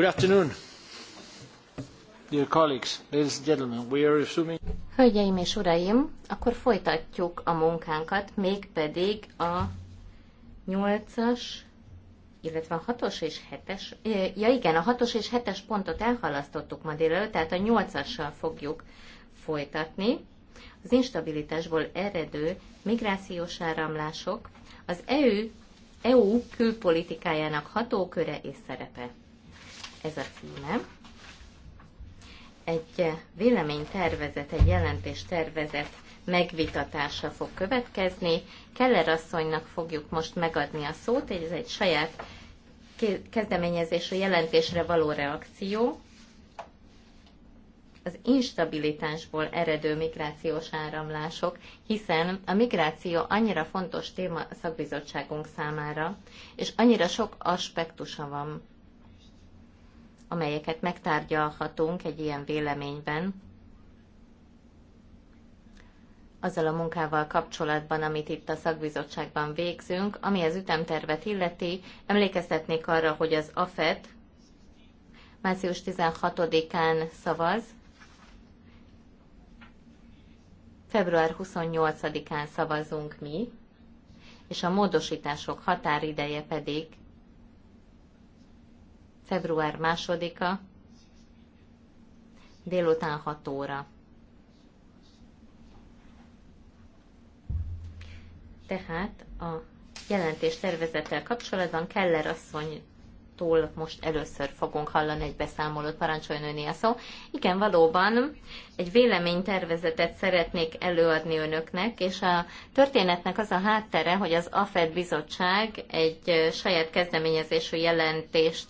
Good afternoon. Dear colleagues, ladies and gentlemen, we are Hölgyeim és uraim, akkor folytatjuk a munkánkat, mégpedig a 8-as, illetve a 6-os és 7-es, ja igen, a 6-os és 7-es pontot elhalasztottuk ma délelőtt, tehát a 8-assal fogjuk folytatni. Az instabilitásból eredő migrációs áramlások, az EU, EU külpolitikájának hatóköre és szerepe ez a címe. Egy véleménytervezet, egy jelentéstervezet megvitatása fog következni. Keller asszonynak fogjuk most megadni a szót, ez egy saját kezdeményezésre, jelentésre való reakció az instabilitásból eredő migrációs áramlások, hiszen a migráció annyira fontos téma a szakbizottságunk számára, és annyira sok aspektusa van amelyeket megtárgyalhatunk egy ilyen véleményben, azzal a munkával kapcsolatban, amit itt a szakbizottságban végzünk, ami az ütemtervet illeti, emlékeztetnék arra, hogy az AFET március 16-án szavaz, február 28-án szavazunk mi, és a módosítások határideje pedig február 2-a, délután 6 óra. Tehát a jelentés tervezettel kapcsolatban Keller asszony Túl most először fogunk hallani egy beszámolót, parancsoljon öné a szó. Igen, valóban egy véleménytervezetet szeretnék előadni önöknek, és a történetnek az a háttere, hogy az AFED bizottság egy saját kezdeményezésű jelentést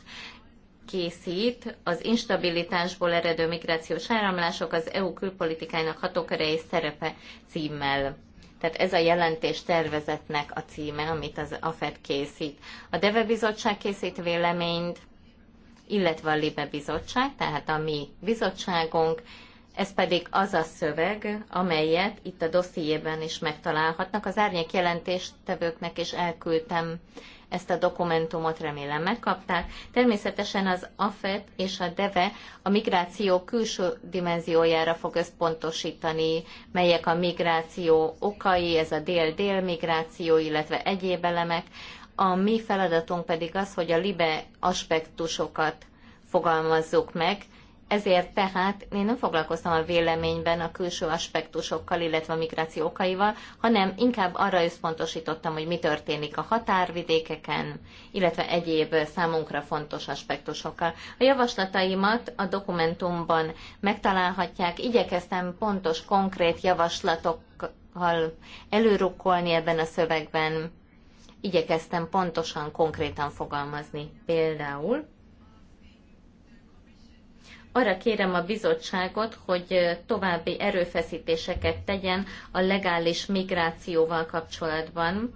készít az instabilitásból eredő migrációs áramlások az EU külpolitikájának hatóköre és szerepe címmel. Tehát ez a jelentés tervezetnek a címe, amit az AFED készít. A DEVE bizottság készít véleményt, illetve a LIBE bizottság, tehát a mi bizottságunk, ez pedig az a szöveg, amelyet itt a dossziében is megtalálhatnak. Az árnyék jelentéstevőknek is elküldtem ezt a dokumentumot remélem megkapták. Természetesen az AFET és a DEVE a migráció külső dimenziójára fog összpontosítani, melyek a migráció okai, ez a dél-dél migráció, illetve egyéb elemek. A mi feladatunk pedig az, hogy a libe aspektusokat fogalmazzuk meg, ezért tehát én nem foglalkoztam a véleményben a külső aspektusokkal, illetve a migráció okaival, hanem inkább arra összpontosítottam, hogy mi történik a határvidékeken, illetve egyéb számunkra fontos aspektusokkal. A javaslataimat a dokumentumban megtalálhatják, igyekeztem pontos, konkrét javaslatokkal előrukkolni ebben a szövegben, igyekeztem pontosan, konkrétan fogalmazni. Például arra kérem a bizottságot, hogy további erőfeszítéseket tegyen a legális migrációval kapcsolatban.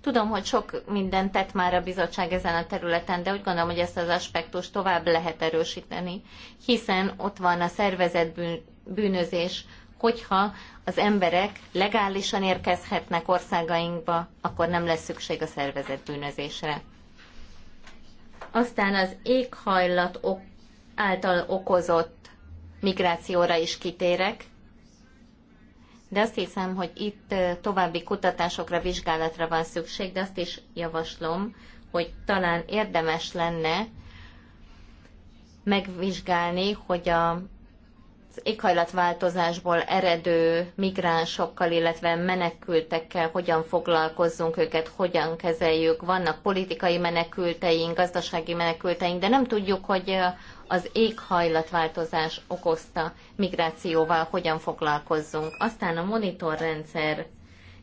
Tudom, hogy sok mindent tett már a bizottság ezen a területen, de úgy gondolom, hogy ezt az aspektust tovább lehet erősíteni, hiszen ott van a szervezett bűnözés, hogyha az emberek legálisan érkezhetnek országainkba, akkor nem lesz szükség a szervezett bűnözésre. Aztán az éghajlat ok által okozott migrációra is kitérek, de azt hiszem, hogy itt további kutatásokra, vizsgálatra van szükség, de azt is javaslom, hogy talán érdemes lenne megvizsgálni, hogy a éghajlatváltozásból eredő migránsokkal, illetve menekültekkel hogyan foglalkozzunk őket, hogyan kezeljük. Vannak politikai menekülteink, gazdasági menekülteink, de nem tudjuk, hogy az éghajlatváltozás okozta migrációval hogyan foglalkozzunk. Aztán a monitorrendszer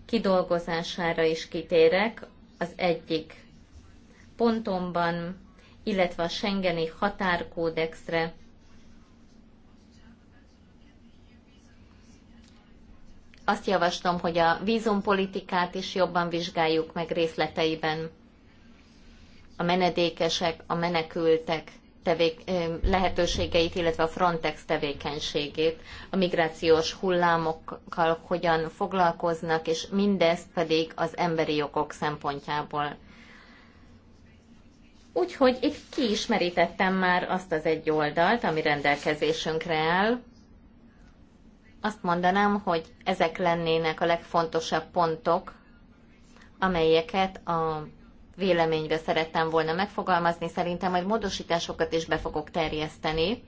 kidolgozására is kitérek az egyik pontomban, illetve a Schengeni határkódexre, Azt javaslom, hogy a vízumpolitikát is jobban vizsgáljuk meg részleteiben. A menedékesek, a menekültek tevék, lehetőségeit, illetve a Frontex tevékenységét, a migrációs hullámokkal hogyan foglalkoznak, és mindezt pedig az emberi jogok szempontjából. Úgyhogy itt kiismerítettem már azt az egy oldalt, ami rendelkezésünkre áll azt mondanám, hogy ezek lennének a legfontosabb pontok, amelyeket a véleménybe szerettem volna megfogalmazni. Szerintem majd módosításokat is be fogok terjeszteni.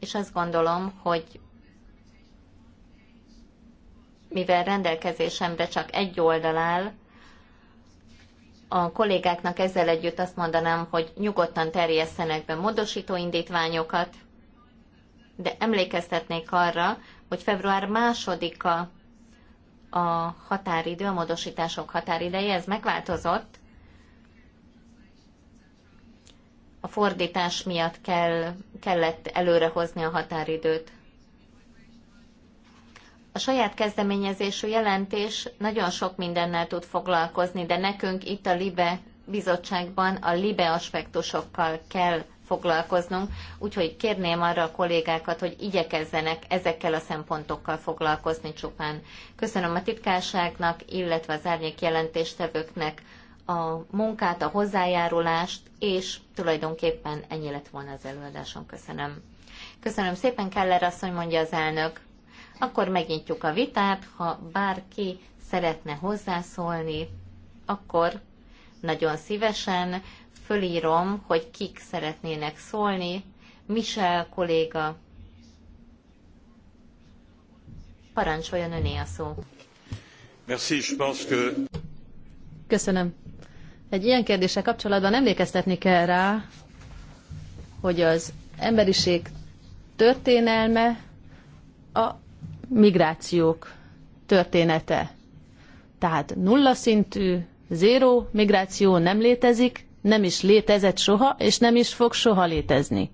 És azt gondolom, hogy mivel rendelkezésemre csak egy oldal áll, a kollégáknak ezzel együtt azt mondanám, hogy nyugodtan terjesztenek be módosító indítványokat, de emlékeztetnék arra, hogy február másodika a határidő, a módosítások határideje, ez megváltozott. A fordítás miatt kell, kellett előrehozni a határidőt. A saját kezdeményezésű jelentés nagyon sok mindennel tud foglalkozni, de nekünk itt a LIBE bizottságban a LIBE aspektusokkal kell foglalkoznunk, úgyhogy kérném arra a kollégákat, hogy igyekezzenek ezekkel a szempontokkal foglalkozni csupán. Köszönöm a titkárságnak, illetve az árnyék jelentéstevőknek a munkát, a hozzájárulást, és tulajdonképpen ennyi lett volna az előadásom. Köszönöm. Köszönöm szépen, Keller asszony, mondja az elnök. Akkor megnyitjuk a vitát, ha bárki szeretne hozzászólni, akkor nagyon szívesen fölírom, hogy kik szeretnének szólni. Michel kolléga, parancsoljon öné a szó. Merci, je pense que... Köszönöm. Egy ilyen kérdéssel kapcsolatban emlékeztetni kell rá, hogy az emberiség történelme a migrációk története. Tehát nulla szintű, zéró migráció nem létezik, nem is létezett soha, és nem is fog soha létezni.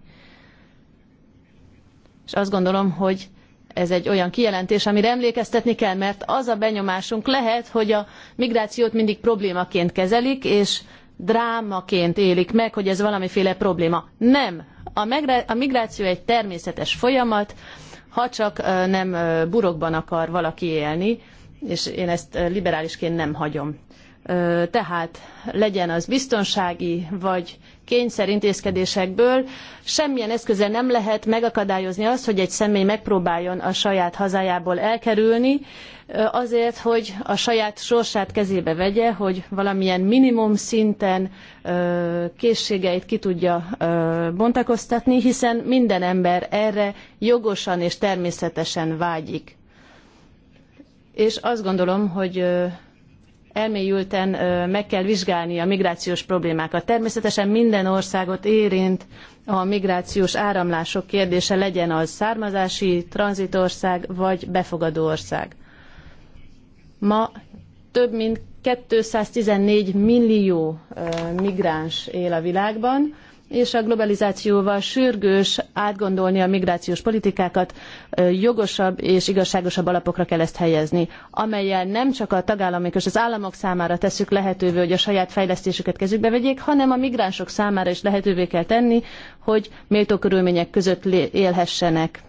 És azt gondolom, hogy ez egy olyan kijelentés, amire emlékeztetni kell, mert az a benyomásunk lehet, hogy a migrációt mindig problémaként kezelik, és drámaként élik meg, hogy ez valamiféle probléma. Nem. A, migráció egy természetes folyamat, ha csak nem burokban akar valaki élni, és én ezt liberálisként nem hagyom tehát legyen az biztonsági vagy kényszerintézkedésekből, semmilyen eszközzel nem lehet megakadályozni azt, hogy egy személy megpróbáljon a saját hazájából elkerülni, azért, hogy a saját sorsát kezébe vegye, hogy valamilyen minimum szinten készségeit ki tudja bontakoztatni, hiszen minden ember erre jogosan és természetesen vágyik. És azt gondolom, hogy elmélyülten meg kell vizsgálni a migrációs problémákat. Természetesen minden országot érint a migrációs áramlások kérdése, legyen az származási, tranzitország vagy befogadó ország. Ma több mint 214 millió migráns él a világban, és a globalizációval sürgős átgondolni a migrációs politikákat, jogosabb és igazságosabb alapokra kell ezt helyezni, amelyel nem csak a tagállamok és az államok számára tesszük lehetővé, hogy a saját fejlesztésüket kezükbe vegyék, hanem a migránsok számára is lehetővé kell tenni, hogy méltó körülmények között élhessenek.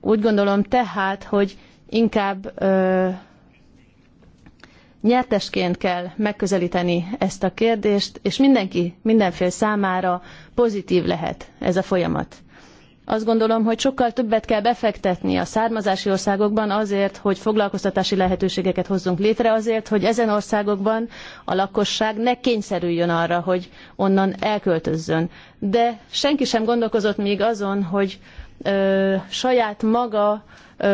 Úgy gondolom tehát, hogy inkább nyertesként kell megközelíteni ezt a kérdést, és mindenki, mindenfél számára pozitív lehet ez a folyamat. Azt gondolom, hogy sokkal többet kell befektetni a származási országokban azért, hogy foglalkoztatási lehetőségeket hozzunk létre, azért, hogy ezen országokban a lakosság ne kényszerüljön arra, hogy onnan elköltözzön. De senki sem gondolkozott még azon, hogy ö, saját maga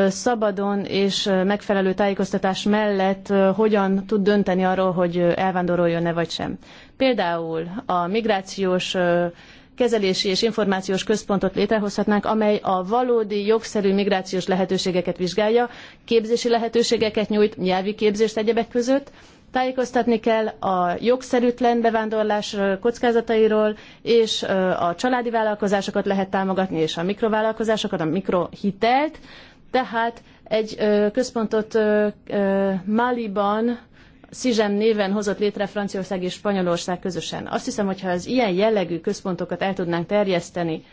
szabadon és megfelelő tájékoztatás mellett hogyan tud dönteni arról, hogy elvándoroljon-e vagy sem. Például a migrációs kezelési és információs központot létrehozhatnánk, amely a valódi jogszerű migrációs lehetőségeket vizsgálja, képzési lehetőségeket nyújt, nyelvi képzést egyebek között, Tájékoztatni kell a jogszerűtlen bevándorlás kockázatairól, és a családi vállalkozásokat lehet támogatni, és a mikrovállalkozásokat, a mikrohitelt, tehát egy központot Máliban Szizsem néven hozott létre Franciaország és Spanyolország közösen. Azt hiszem, hogyha az ilyen jellegű központokat el tudnánk terjeszteni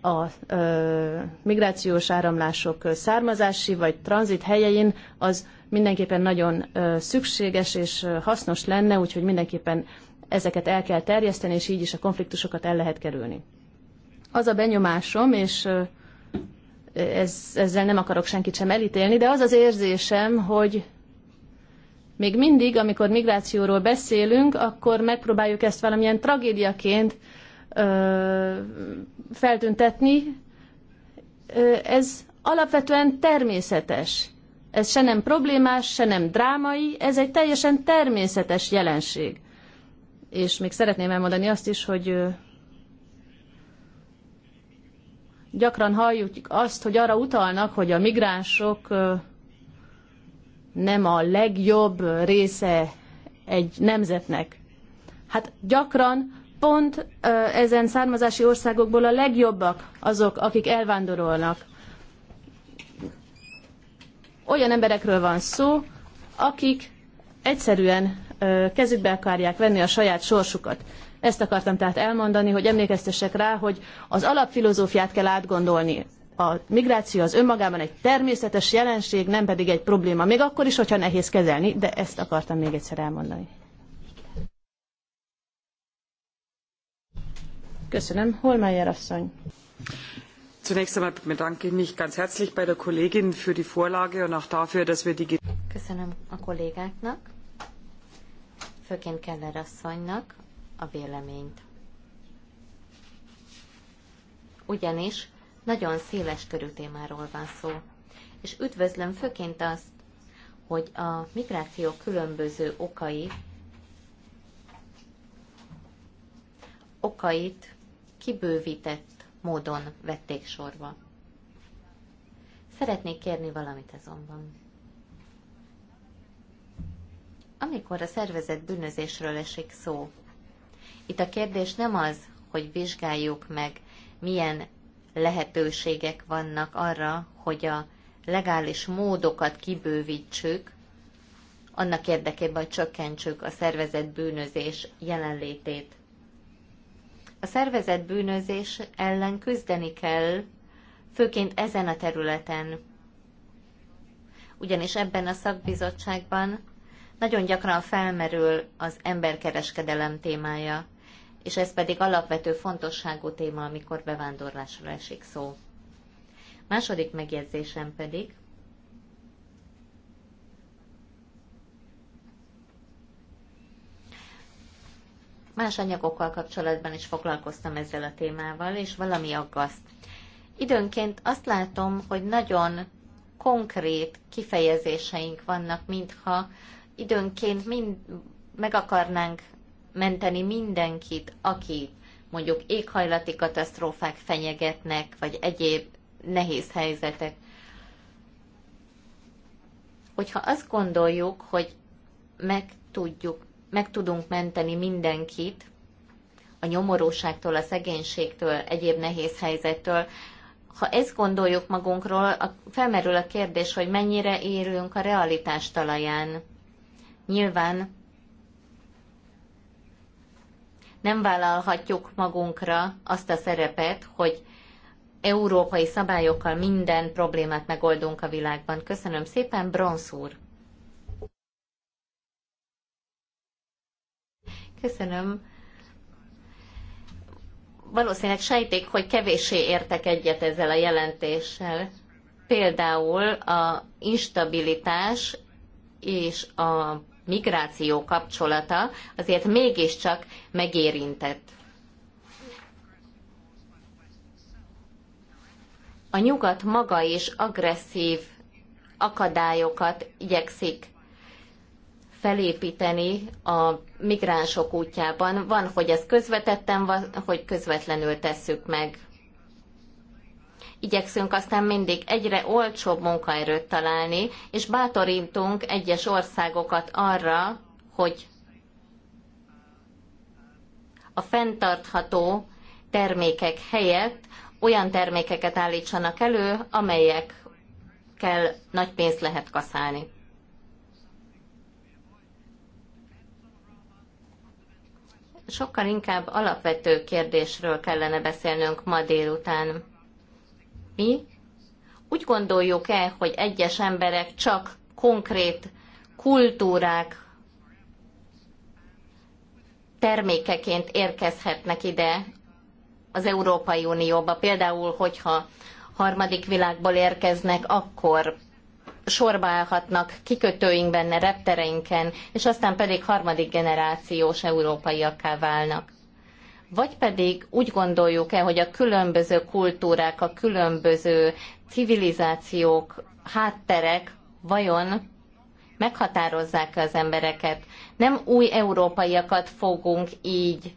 a ö, migrációs áramlások származási vagy tranzit helyein, az mindenképpen nagyon ö, szükséges és hasznos lenne, úgyhogy mindenképpen ezeket el kell terjeszteni, és így is a konfliktusokat el lehet kerülni. Az a benyomásom, és ö, ez, ezzel nem akarok senkit sem elítélni, de az az érzésem, hogy még mindig, amikor migrációról beszélünk, akkor megpróbáljuk ezt valamilyen tragédiaként ö, feltüntetni. ez alapvetően természetes. Ez se nem problémás, se nem drámai, ez egy teljesen természetes jelenség. És még szeretném elmondani azt is, hogy gyakran halljuk azt, hogy arra utalnak, hogy a migránsok nem a legjobb része egy nemzetnek. Hát gyakran pont ezen származási országokból a legjobbak azok, akik elvándorolnak. Olyan emberekről van szó, akik egyszerűen kezükbe akarják venni a saját sorsukat. Ezt akartam tehát elmondani, hogy emlékeztessek rá, hogy az alapfilozófiát kell átgondolni. A migráció az önmagában egy természetes jelenség, nem pedig egy probléma. Még akkor is, hogyha nehéz kezelni, de ezt akartam még egyszer elmondani. Köszönöm. Holmeyer asszony. Zunächst einmal bedanke ich mich ganz herzlich bei der Kollegin für die Vorlage und auch dafür, dass wir die... Köszönöm a kollégáknak főként Keller asszonynak a véleményt. Ugyanis nagyon széles körű témáról van szó, és üdvözlöm főként azt, hogy a migráció különböző okai okait kibővített módon vették sorba. Szeretnék kérni valamit azonban amikor a szervezet bűnözésről esik szó. Itt a kérdés nem az, hogy vizsgáljuk meg, milyen lehetőségek vannak arra, hogy a legális módokat kibővítsük, annak érdekében, hogy csökkentsük a szervezet bűnözés jelenlétét. A szervezet bűnözés ellen küzdeni kell, főként ezen a területen. Ugyanis ebben a szakbizottságban nagyon gyakran felmerül az emberkereskedelem témája, és ez pedig alapvető fontosságú téma, amikor bevándorlásról esik szó. Második megjegyzésem pedig, más anyagokkal kapcsolatban is foglalkoztam ezzel a témával, és valami aggaszt. Időnként azt látom, hogy nagyon konkrét kifejezéseink vannak, mintha időnként mind meg akarnánk menteni mindenkit, aki mondjuk éghajlati katasztrófák fenyegetnek, vagy egyéb nehéz helyzetek. Hogyha azt gondoljuk, hogy meg, tudjuk, meg tudunk menteni mindenkit a nyomorúságtól, a szegénységtől, egyéb nehéz helyzettől, ha ezt gondoljuk magunkról, felmerül a kérdés, hogy mennyire élünk a realitás talaján Nyilván nem vállalhatjuk magunkra azt a szerepet, hogy európai szabályokkal minden problémát megoldunk a világban. Köszönöm szépen, Bronsz úr! Köszönöm. Valószínűleg sejték, hogy kevéssé értek egyet ezzel a jelentéssel. Például a instabilitás és a migráció kapcsolata azért mégiscsak megérintett. A nyugat maga is agresszív akadályokat igyekszik felépíteni a migránsok útjában. Van, hogy ezt közvetetten, van, hogy közvetlenül tesszük meg igyekszünk aztán mindig egyre olcsóbb munkaerőt találni, és bátorítunk egyes országokat arra, hogy a fenntartható termékek helyett olyan termékeket állítsanak elő, amelyekkel nagy pénzt lehet kaszálni. Sokkal inkább alapvető kérdésről kellene beszélnünk ma délután mi úgy gondoljuk-e, hogy egyes emberek csak konkrét kultúrák termékeként érkezhetnek ide az Európai Unióba. Például, hogyha harmadik világból érkeznek, akkor sorba állhatnak kikötőinkben, reptereinken, és aztán pedig harmadik generációs európaiakká válnak vagy pedig úgy gondoljuk-e, hogy a különböző kultúrák, a különböző civilizációk, hátterek vajon meghatározzák -e az embereket. Nem új európaiakat fogunk így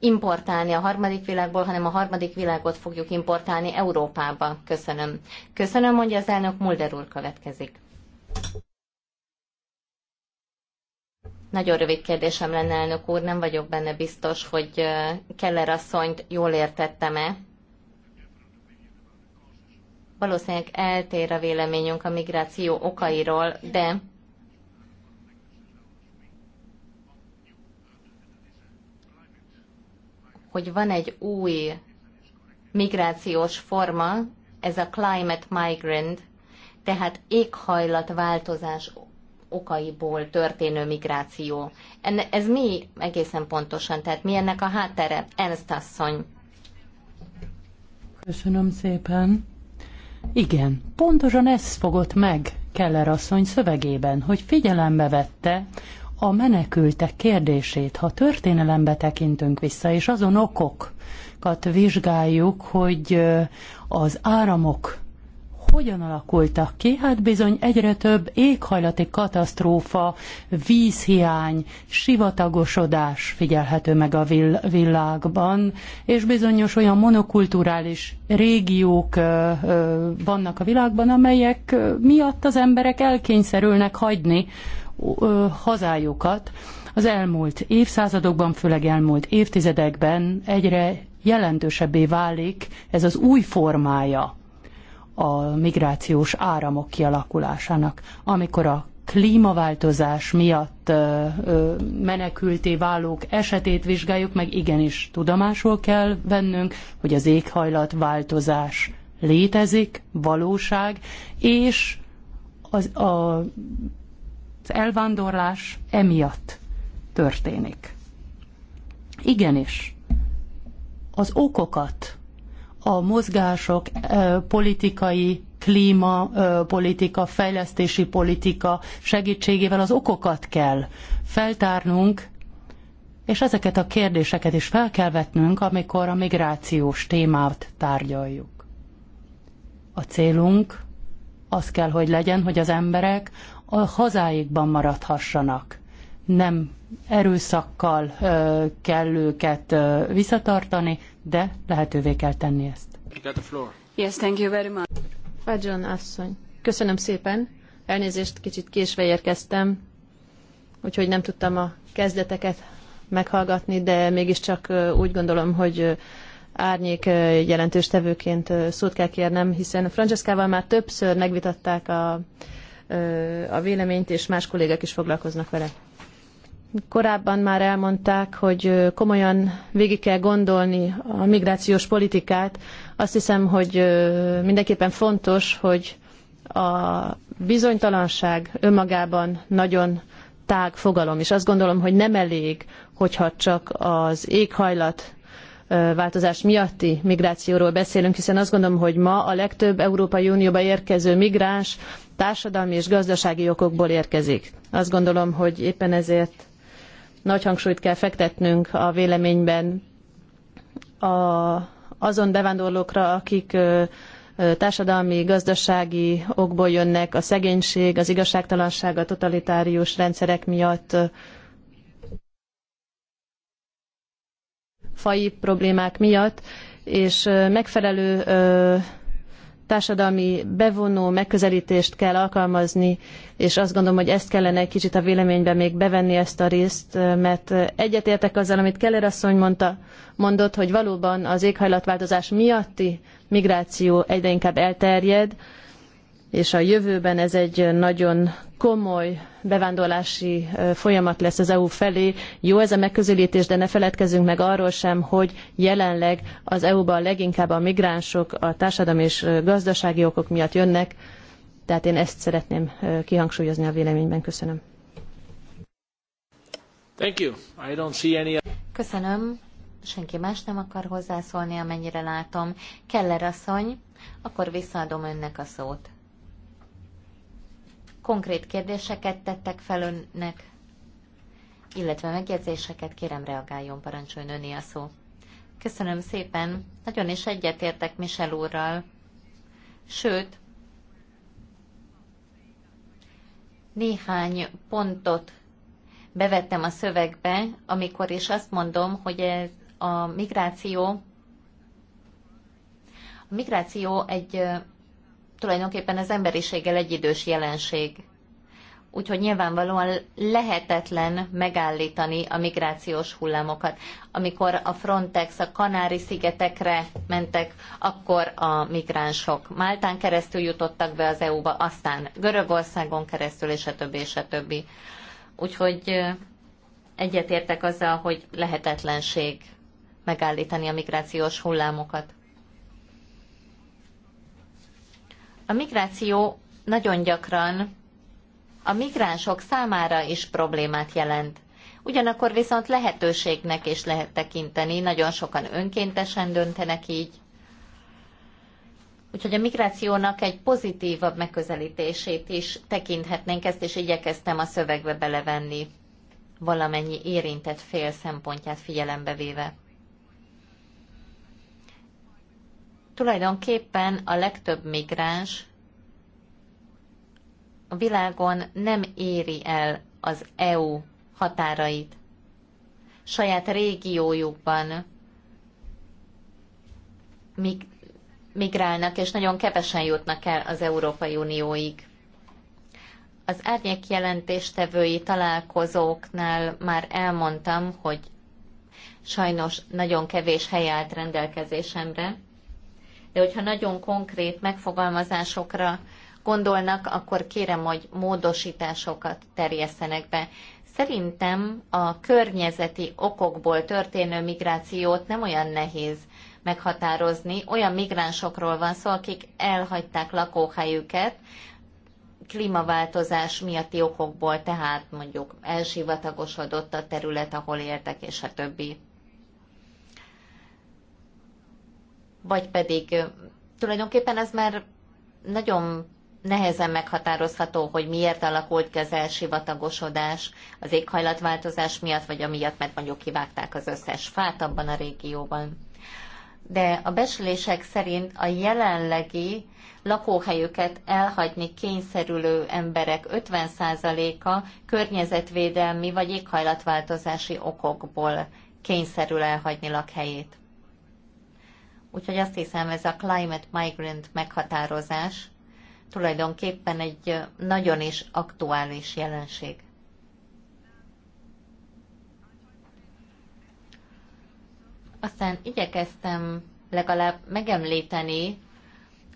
importálni a harmadik világból, hanem a harmadik világot fogjuk importálni Európába. Köszönöm. Köszönöm, mondja az elnök Mulder úr következik. Nagyon rövid kérdésem lenne, elnök úr, nem vagyok benne biztos, hogy Keller asszonyt jól értettem-e. Valószínűleg eltér a véleményünk a migráció okairól, de hogy van egy új migrációs forma, ez a climate migrant, tehát éghajlatváltozás okaiból történő migráció. Enne, ez mi egészen pontosan? Tehát mi ennek a háttere? Ernst asszony. Köszönöm szépen. Igen, pontosan ez fogott meg Keller asszony szövegében, hogy figyelembe vette a menekültek kérdését, ha történelembe tekintünk vissza, és azon okokat vizsgáljuk, hogy az áramok hogyan alakultak ki? Hát bizony egyre több éghajlati katasztrófa, vízhiány, sivatagosodás figyelhető meg a vil- világban, és bizonyos olyan monokulturális régiók ö, ö, vannak a világban, amelyek miatt az emberek elkényszerülnek hagyni ö, hazájukat. Az elmúlt évszázadokban, főleg elmúlt évtizedekben egyre jelentősebbé válik ez az új formája a migrációs áramok kialakulásának, amikor a klímaváltozás miatt menekülté válók esetét vizsgáljuk meg, igenis tudomásul kell vennünk, hogy az éghajlatváltozás létezik, valóság, és az, a, az elvándorlás emiatt történik. Igenis, az okokat a mozgások politikai klíma politika, fejlesztési politika segítségével az okokat kell feltárnunk, és ezeket a kérdéseket is fel kell vetnünk, amikor a migrációs témát tárgyaljuk. A célunk az kell, hogy legyen, hogy az emberek a hazáikban maradhassanak. Nem erőszakkal kell őket visszatartani, de lehetővé kell tenni ezt. Yes, thank you very much. Fajon asszony. Köszönöm szépen. Elnézést, kicsit késve érkeztem, úgyhogy nem tudtam a kezdeteket meghallgatni, de mégiscsak úgy gondolom, hogy árnyék jelentős tevőként szót kell kérnem, hiszen Francescával már többször megvitatták a, a véleményt, és más kollégák is foglalkoznak vele. Korábban már elmondták, hogy komolyan végig kell gondolni a migrációs politikát. Azt hiszem, hogy mindenképpen fontos, hogy a bizonytalanság önmagában nagyon tág fogalom, és azt gondolom, hogy nem elég, hogyha csak az éghajlat változás miatti migrációról beszélünk, hiszen azt gondolom, hogy ma a legtöbb Európai Unióba érkező migráns társadalmi és gazdasági okokból érkezik. Azt gondolom, hogy éppen ezért nagy hangsúlyt kell fektetnünk a véleményben a, azon bevándorlókra, akik társadalmi, gazdasági okból jönnek, a szegénység, az igazságtalanság, a totalitárius rendszerek miatt fai problémák miatt, és megfelelő társadalmi bevonó megközelítést kell alkalmazni, és azt gondolom, hogy ezt kellene egy kicsit a véleményben még bevenni ezt a részt, mert egyetértek azzal, amit Keller asszony mondta, mondott, hogy valóban az éghajlatváltozás miatti migráció egyre inkább elterjed, és a jövőben ez egy nagyon komoly bevándorlási folyamat lesz az EU felé. Jó ez a megközelítés, de ne feledkezzünk meg arról sem, hogy jelenleg az EU-ban leginkább a migránsok a társadalmi és gazdasági okok miatt jönnek, tehát én ezt szeretném kihangsúlyozni a véleményben. Köszönöm. Thank you. I don't see any... Köszönöm. Senki más nem akar hozzászólni, amennyire látom. Keller asszony, akkor visszaadom önnek a szót. Konkrét kérdéseket tettek fel önnek, illetve megjegyzéseket, kérem reagáljon, parancsoljon öné a szó. Köszönöm szépen, nagyon is egyetértek Michel úrral. Sőt, néhány pontot bevettem a szövegbe, amikor is azt mondom, hogy ez a migráció a migráció egy tulajdonképpen az emberiséggel egyidős jelenség. Úgyhogy nyilvánvalóan lehetetlen megállítani a migrációs hullámokat. Amikor a Frontex a Kanári-szigetekre mentek, akkor a migránsok Máltán keresztül jutottak be az EU-ba, aztán Görögországon keresztül, és a többi, és a többi. Úgyhogy egyetértek azzal, hogy lehetetlenség megállítani a migrációs hullámokat. A migráció nagyon gyakran a migránsok számára is problémát jelent. Ugyanakkor viszont lehetőségnek is lehet tekinteni, nagyon sokan önkéntesen döntenek így. Úgyhogy a migrációnak egy pozitívabb megközelítését is tekinthetnénk, ezt is igyekeztem a szövegbe belevenni, valamennyi érintett fél szempontját figyelembe véve. Tulajdonképpen a legtöbb migráns a világon nem éri el az EU határait. Saját régiójukban mig- migrálnak, és nagyon kevesen jutnak el az Európai Unióig. Az árnyék jelentéstevői találkozóknál már elmondtam, hogy sajnos nagyon kevés hely állt rendelkezésemre, de hogyha nagyon konkrét megfogalmazásokra gondolnak, akkor kérem, hogy módosításokat terjesztenek be. Szerintem a környezeti okokból történő migrációt nem olyan nehéz meghatározni. Olyan migránsokról van szó, akik elhagyták lakóhelyüket klímaváltozás miatti okokból, tehát mondjuk elsivatagosodott a terület, ahol éltek, és a többi. vagy pedig tulajdonképpen ez már nagyon nehezen meghatározható, hogy miért alakult ki az elsivatagosodás az éghajlatváltozás miatt, vagy amiatt, mert mondjuk kivágták az összes fát abban a régióban. De a beszélések szerint a jelenlegi lakóhelyüket elhagyni kényszerülő emberek 50%-a környezetvédelmi vagy éghajlatváltozási okokból kényszerül elhagyni lakhelyét. Úgyhogy azt hiszem, ez a climate migrant meghatározás tulajdonképpen egy nagyon is aktuális jelenség. Aztán igyekeztem legalább megemlíteni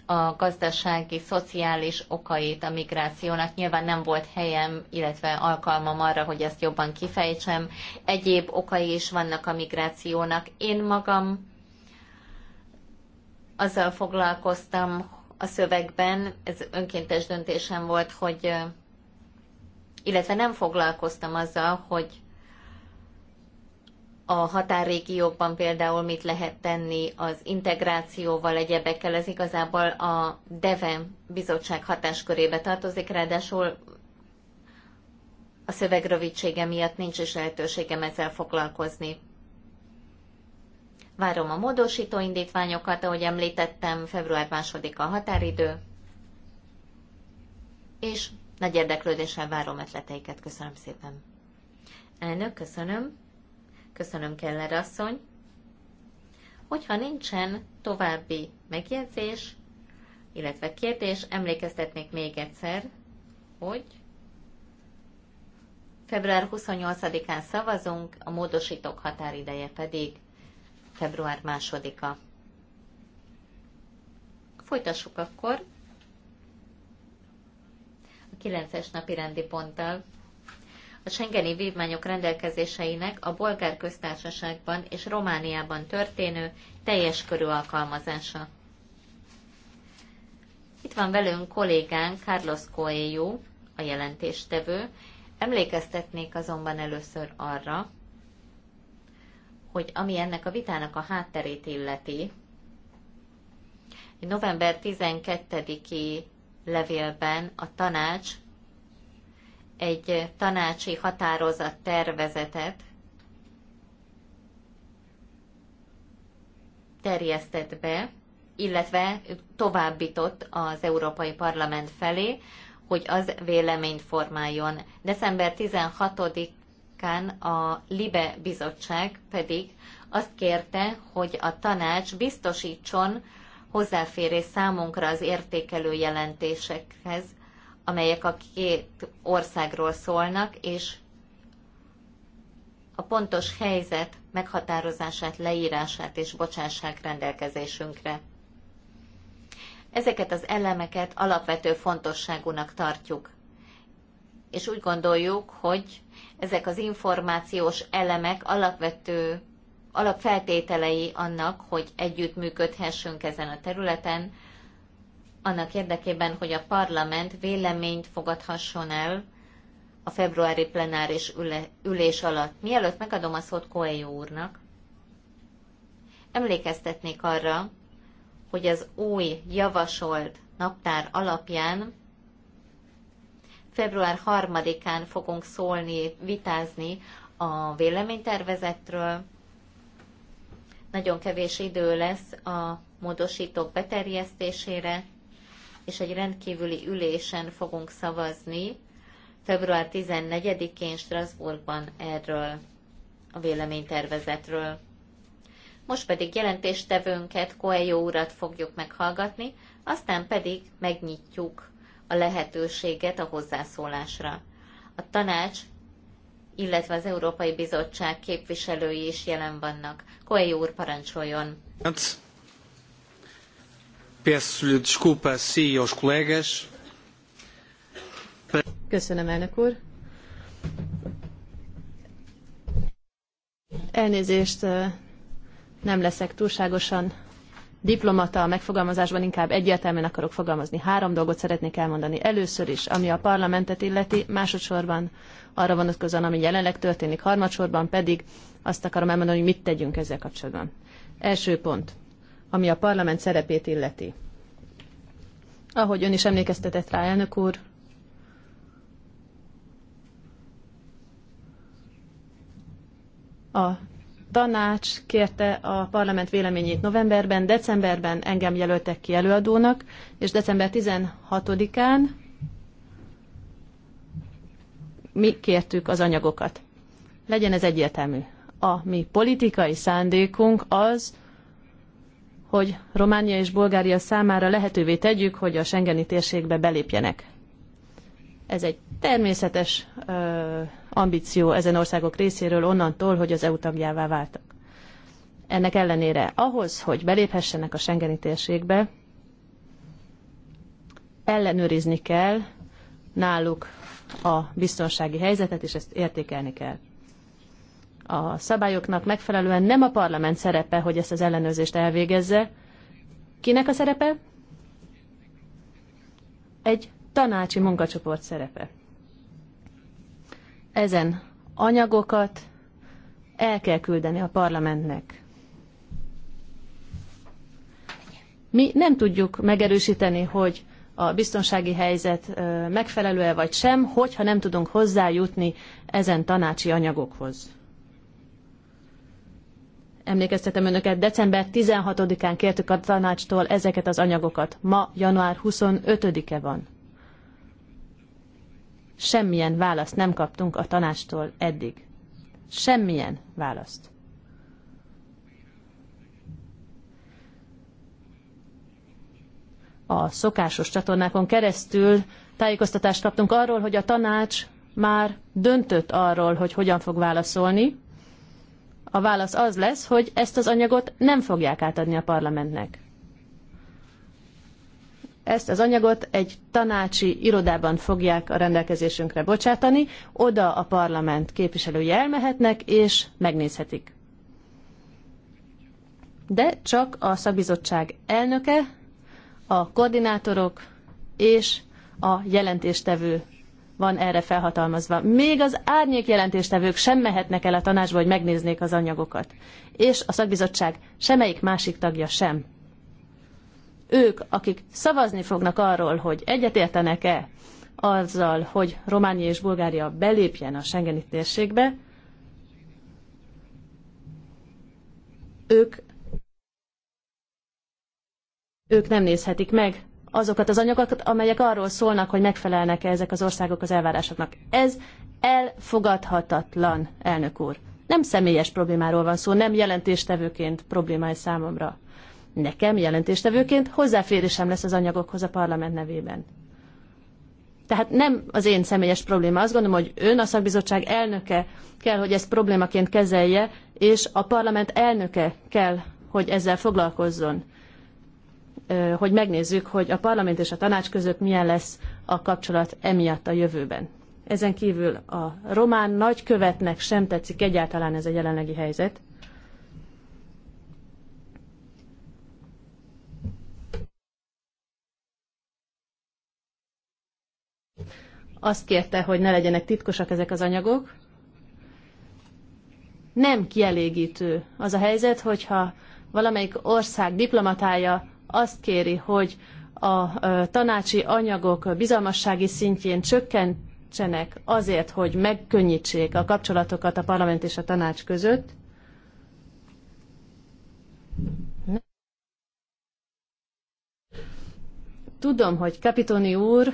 a gazdasági, szociális okait a migrációnak. Nyilván nem volt helyem, illetve alkalmam arra, hogy ezt jobban kifejtsem. Egyéb okai is vannak a migrációnak. Én magam azzal foglalkoztam a szövegben, ez önkéntes döntésem volt, hogy illetve nem foglalkoztam azzal, hogy a határrégiókban például mit lehet tenni az integrációval, egyebekkel, ez igazából a DEVE bizottság hatáskörébe tartozik, ráadásul a szöveg rövidsége miatt nincs is lehetőségem ezzel foglalkozni. Várom a módosító indítványokat, ahogy említettem, február második a határidő, és nagy érdeklődéssel várom ötleteiket. Köszönöm szépen. Elnök, köszönöm. Köszönöm, Keller asszony. Hogyha nincsen további megjegyzés, illetve kérdés, emlékeztetnék még egyszer, hogy február 28-án szavazunk, a módosítók határideje pedig február másodika. Folytassuk akkor a 9-es napi rendi ponttal. A Schengeni vívmányok rendelkezéseinek a bolgár köztársaságban és Romániában történő teljes körű alkalmazása. Itt van velünk kollégánk Carlos Coelho, a jelentéstevő. Emlékeztetnék azonban először arra, hogy ami ennek a vitának a hátterét illeti, egy november 12-i levélben a tanács egy tanácsi határozat tervezetet terjesztett be, illetve továbbított az Európai Parlament felé, hogy az véleményt formáljon. December 16 Kán a Libe bizottság pedig azt kérte, hogy a tanács biztosítson hozzáférés számunkra az értékelő jelentésekhez, amelyek a két országról szólnak, és a pontos helyzet meghatározását, leírását és bocsássák rendelkezésünkre. Ezeket az elemeket alapvető fontosságúnak tartjuk és úgy gondoljuk, hogy ezek az információs elemek alapvető alapfeltételei annak, hogy együttműködhessünk ezen a területen, annak érdekében, hogy a parlament véleményt fogadhasson el a februári plenáris ülés alatt. Mielőtt megadom a szót Coelho úrnak, emlékeztetnék arra, hogy az új javasolt naptár alapján február 3-án fogunk szólni, vitázni a véleménytervezetről. Nagyon kevés idő lesz a módosítók beterjesztésére, és egy rendkívüli ülésen fogunk szavazni február 14-én Strasbourgban erről a véleménytervezetről. Most pedig jelentéstevőnket, Coelho urat fogjuk meghallgatni, aztán pedig megnyitjuk a lehetőséget a hozzászólásra. A tanács, illetve az Európai Bizottság képviselői is jelen vannak. Koei úr, parancsoljon! Köszönöm, elnök úr. Elnézést, nem leszek túlságosan diplomata megfogalmazásban inkább egyértelműen akarok fogalmazni. Három dolgot szeretnék elmondani. Először is, ami a parlamentet illeti, másodszorban arra vonatkozóan, ami jelenleg történik, harmadsorban pedig azt akarom elmondani, hogy mit tegyünk ezzel kapcsolatban. Első pont, ami a parlament szerepét illeti. Ahogy ön is emlékeztetett rá, elnök úr, a tanács kérte a parlament véleményét novemberben, decemberben engem jelöltek ki előadónak, és december 16-án mi kértük az anyagokat. Legyen ez egyértelmű. A mi politikai szándékunk az, hogy Románia és Bulgária számára lehetővé tegyük, hogy a Schengeni térségbe belépjenek. Ez egy természetes ö, ambíció ezen országok részéről onnantól, hogy az EU tagjává váltak. Ennek ellenére ahhoz, hogy beléphessenek a Schengeni térségbe, ellenőrizni kell náluk a biztonsági helyzetet, és ezt értékelni kell. A szabályoknak megfelelően nem a parlament szerepe, hogy ezt az ellenőrzést elvégezze. Kinek a szerepe? Egy tanácsi munkacsoport szerepe. Ezen anyagokat el kell küldeni a parlamentnek. Mi nem tudjuk megerősíteni, hogy a biztonsági helyzet megfelelő-e vagy sem, hogyha nem tudunk hozzájutni ezen tanácsi anyagokhoz. Emlékeztetem önöket, december 16-án kértük a tanácstól ezeket az anyagokat. Ma január 25-e van semmilyen választ nem kaptunk a tanástól eddig. Semmilyen választ. A szokásos csatornákon keresztül tájékoztatást kaptunk arról, hogy a tanács már döntött arról, hogy hogyan fog válaszolni. A válasz az lesz, hogy ezt az anyagot nem fogják átadni a parlamentnek ezt az anyagot egy tanácsi irodában fogják a rendelkezésünkre bocsátani, oda a parlament képviselői elmehetnek és megnézhetik. De csak a szakbizottság elnöke, a koordinátorok és a jelentéstevő van erre felhatalmazva. Még az árnyék jelentéstevők sem mehetnek el a tanácsba, hogy megnéznék az anyagokat. És a szakbizottság semmelyik másik tagja sem ők, akik szavazni fognak arról, hogy egyetértenek-e azzal, hogy Románia és Bulgária belépjen a Schengeni térségbe, ők, ők nem nézhetik meg azokat az anyagokat, amelyek arról szólnak, hogy megfelelnek-e ezek az országok az elvárásoknak. Ez elfogadhatatlan, elnök úr. Nem személyes problémáról van szó, nem jelentéstevőként problémája számomra nekem jelentéstevőként hozzáférésem lesz az anyagokhoz a parlament nevében. Tehát nem az én személyes probléma. Azt gondolom, hogy ön a szakbizottság elnöke kell, hogy ezt problémaként kezelje, és a parlament elnöke kell, hogy ezzel foglalkozzon. Hogy megnézzük, hogy a parlament és a tanács között milyen lesz a kapcsolat emiatt a jövőben. Ezen kívül a román nagykövetnek sem tetszik egyáltalán ez a jelenlegi helyzet. azt kérte, hogy ne legyenek titkosak ezek az anyagok. Nem kielégítő az a helyzet, hogyha valamelyik ország diplomatája azt kéri, hogy a tanácsi anyagok bizalmassági szintjén csökkentsenek azért, hogy megkönnyítsék a kapcsolatokat a parlament és a tanács között, Tudom, hogy Kapitoni úr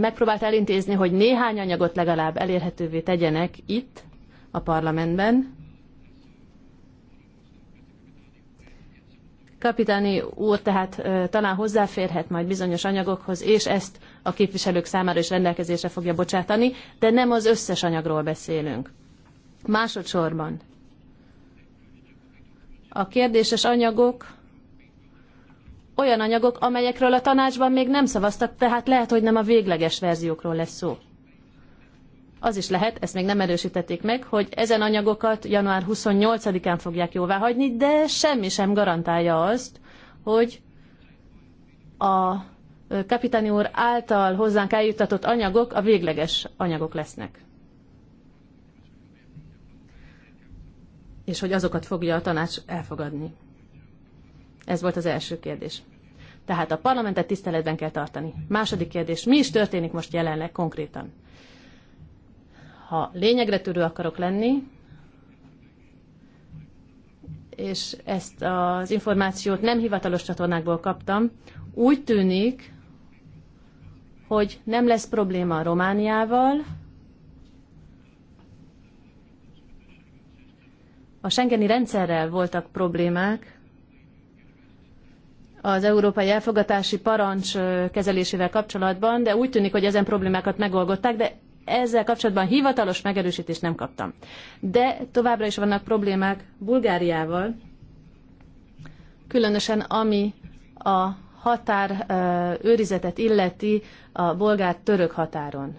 megpróbált elintézni, hogy néhány anyagot legalább elérhetővé tegyenek itt, a parlamentben. Kapitáni úr tehát talán hozzáférhet majd bizonyos anyagokhoz, és ezt a képviselők számára is rendelkezésre fogja bocsátani, de nem az összes anyagról beszélünk. Másodszorban a kérdéses anyagok olyan anyagok, amelyekről a tanácsban még nem szavaztak, tehát lehet, hogy nem a végleges verziókról lesz szó. Az is lehet, ezt még nem erősítették meg, hogy ezen anyagokat január 28-án fogják hagyni, de semmi sem garantálja azt, hogy a kapitány úr által hozzánk eljuttatott anyagok a végleges anyagok lesznek. És hogy azokat fogja a tanács elfogadni. Ez volt az első kérdés. Tehát a parlamentet tiszteletben kell tartani. Második kérdés, mi is történik most jelenleg konkrétan? Ha lényegre törő akarok lenni, és ezt az információt nem hivatalos csatornákból kaptam, úgy tűnik, hogy nem lesz probléma a Romániával, a Schengeni rendszerrel voltak problémák, az európai elfogatási parancs kezelésével kapcsolatban, de úgy tűnik, hogy ezen problémákat megoldották, de ezzel kapcsolatban hivatalos megerősítést nem kaptam. De továbbra is vannak problémák Bulgáriával, különösen ami a határ őrizetet illeti a bolgár-török határon.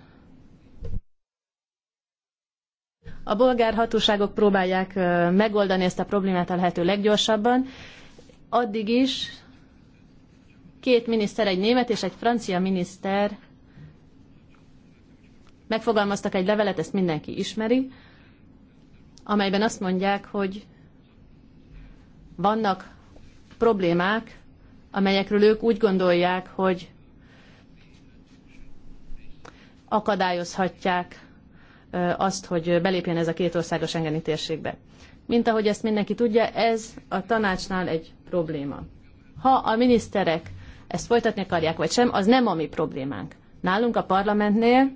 A bolgár hatóságok próbálják megoldani ezt a problémát a lehető leggyorsabban. Addig is két miniszter, egy német és egy francia miniszter megfogalmaztak egy levelet, ezt mindenki ismeri, amelyben azt mondják, hogy vannak problémák, amelyekről ők úgy gondolják, hogy akadályozhatják azt, hogy belépjen ez a két ország a Schengeni térségbe. Mint ahogy ezt mindenki tudja, ez a tanácsnál egy probléma. Ha a miniszterek ezt folytatni akarják vagy sem, az nem a mi problémánk. Nálunk a parlamentnél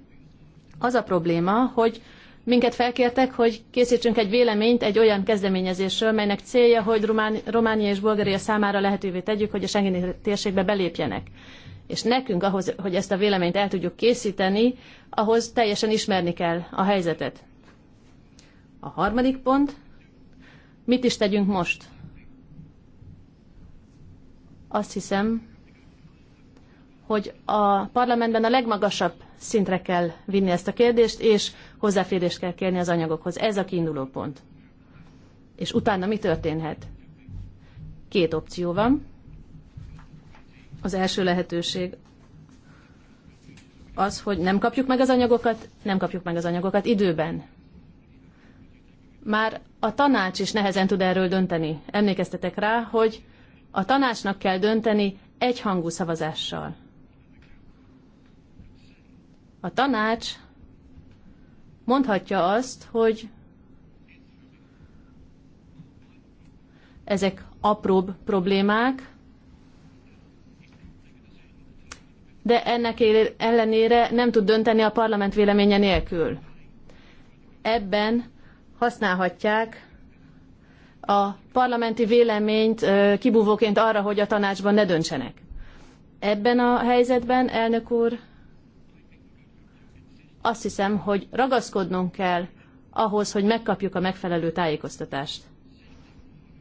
az a probléma, hogy minket felkértek, hogy készítsünk egy véleményt egy olyan kezdeményezésről, melynek célja, hogy Románia és Bulgária számára lehetővé tegyük, hogy a Schengeni térségbe belépjenek. És nekünk ahhoz, hogy ezt a véleményt el tudjuk készíteni, ahhoz teljesen ismerni kell a helyzetet. A harmadik pont, mit is tegyünk most? Azt hiszem, hogy a parlamentben a legmagasabb szintre kell vinni ezt a kérdést, és hozzáférést kell kérni az anyagokhoz. Ez a kiinduló pont. És utána mi történhet? Két opció van. Az első lehetőség az, hogy nem kapjuk meg az anyagokat, nem kapjuk meg az anyagokat időben. Már a tanács is nehezen tud erről dönteni. Emlékeztetek rá, hogy a tanácsnak kell dönteni egyhangú szavazással. A tanács mondhatja azt, hogy ezek apróbb problémák, de ennek ellenére nem tud dönteni a parlament véleménye nélkül. Ebben használhatják a parlamenti véleményt kibúvóként arra, hogy a tanácsban ne döntsenek. Ebben a helyzetben, elnök úr, azt hiszem, hogy ragaszkodnunk kell ahhoz, hogy megkapjuk a megfelelő tájékoztatást.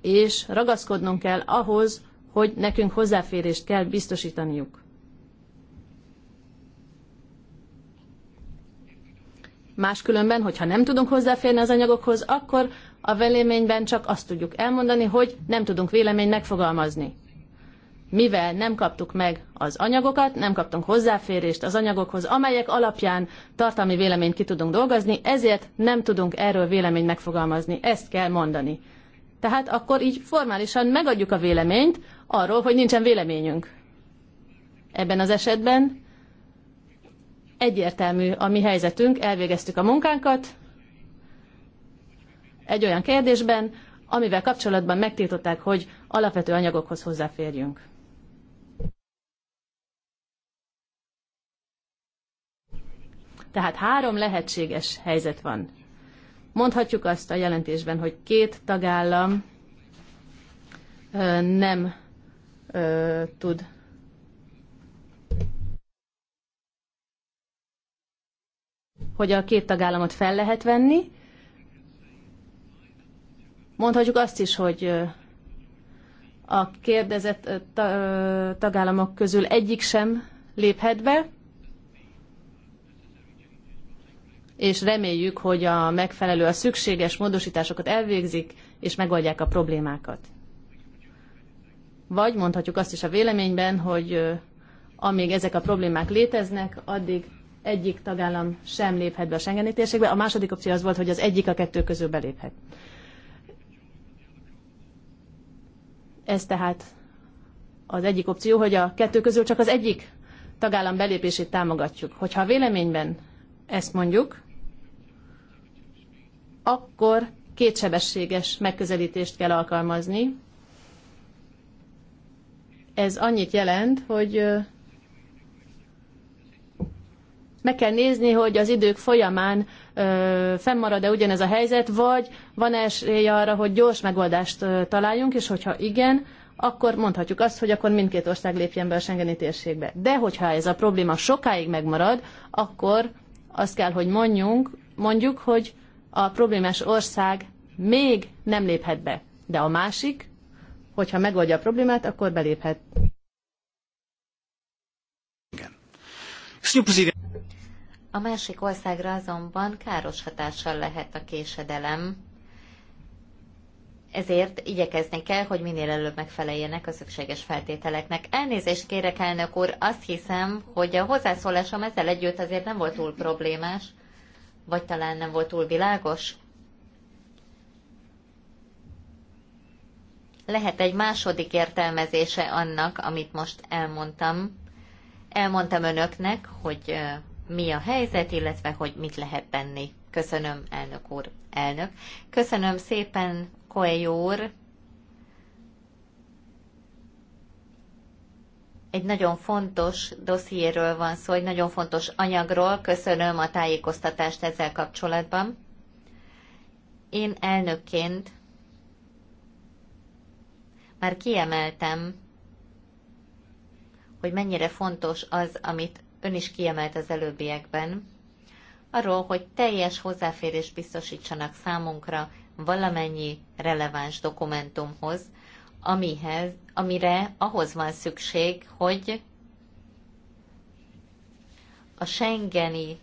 És ragaszkodnunk kell ahhoz, hogy nekünk hozzáférést kell biztosítaniuk. Máskülönben, hogyha nem tudunk hozzáférni az anyagokhoz, akkor a véleményben csak azt tudjuk elmondani, hogy nem tudunk véleményt megfogalmazni mivel nem kaptuk meg az anyagokat, nem kaptunk hozzáférést az anyagokhoz, amelyek alapján tartalmi véleményt ki tudunk dolgozni, ezért nem tudunk erről véleményt megfogalmazni. Ezt kell mondani. Tehát akkor így formálisan megadjuk a véleményt arról, hogy nincsen véleményünk. Ebben az esetben egyértelmű a mi helyzetünk, elvégeztük a munkánkat egy olyan kérdésben, amivel kapcsolatban megtiltották, hogy alapvető anyagokhoz hozzáférjünk. Tehát három lehetséges helyzet van. Mondhatjuk azt a jelentésben, hogy két tagállam nem tud hogy a két tagállamot fel lehet venni. Mondhatjuk azt is, hogy a kérdezett tagállamok közül egyik sem léphet be, és reméljük, hogy a megfelelő, a szükséges módosításokat elvégzik, és megoldják a problémákat. Vagy mondhatjuk azt is a véleményben, hogy amíg ezek a problémák léteznek, addig egyik tagállam sem léphet be a Schengeni térségbe. A második opció az volt, hogy az egyik a kettő közül beléphet. Ez tehát az egyik opció, hogy a kettő közül csak az egyik tagállam belépését támogatjuk. Hogyha a véleményben ezt mondjuk, akkor kétsebességes megközelítést kell alkalmazni. Ez annyit jelent, hogy meg kell nézni, hogy az idők folyamán ö, fennmarad-e ugyanez a helyzet, vagy van-e esély arra, hogy gyors megoldást ö, találjunk, és hogyha igen, akkor mondhatjuk azt, hogy akkor mindkét ország lépjen be a Schengeni térségbe. De hogyha ez a probléma sokáig megmarad, akkor azt kell, hogy mondjunk, mondjuk, hogy a problémás ország még nem léphet be, de a másik, hogyha megoldja a problémát, akkor beléphet. A másik országra azonban káros hatással lehet a késedelem, ezért igyekezni kell, hogy minél előbb megfeleljenek a szükséges feltételeknek. Elnézést kérek, elnök úr, azt hiszem, hogy a hozzászólásom ezzel együtt azért nem volt túl problémás, vagy talán nem volt túl világos. Lehet egy második értelmezése annak, amit most elmondtam. Elmondtam önöknek, hogy mi a helyzet, illetve hogy mit lehet tenni. Köszönöm, elnök úr, elnök. Köszönöm szépen Coelho egy nagyon fontos dossziéről van szó, egy nagyon fontos anyagról. Köszönöm a tájékoztatást ezzel kapcsolatban. Én elnökként már kiemeltem, hogy mennyire fontos az, amit ön is kiemelt az előbbiekben, arról, hogy teljes hozzáférés biztosítsanak számunkra valamennyi releváns dokumentumhoz, amihez, amire ahhoz van szükség, hogy a Schengeni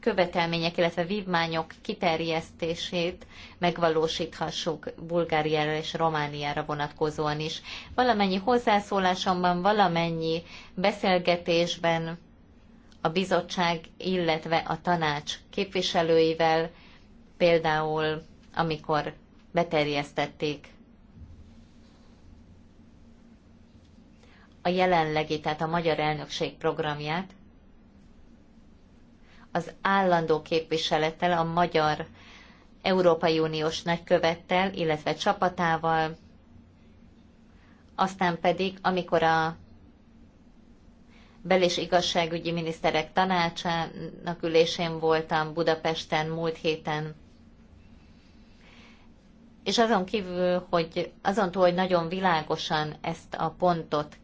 követelmények, illetve vívmányok kiterjesztését megvalósíthassuk Bulgáriára és Romániára vonatkozóan is. Valamennyi hozzászólásomban, valamennyi beszélgetésben a bizottság, illetve a tanács képviselőivel, például amikor beterjesztették a jelenlegi, tehát a magyar elnökség programját, az állandó képviselettel, a magyar Európai Uniós nagykövettel, illetve csapatával, aztán pedig, amikor a bel- és igazságügyi miniszterek tanácsának ülésén voltam Budapesten múlt héten, és azon kívül, hogy azon túl, hogy nagyon világosan ezt a pontot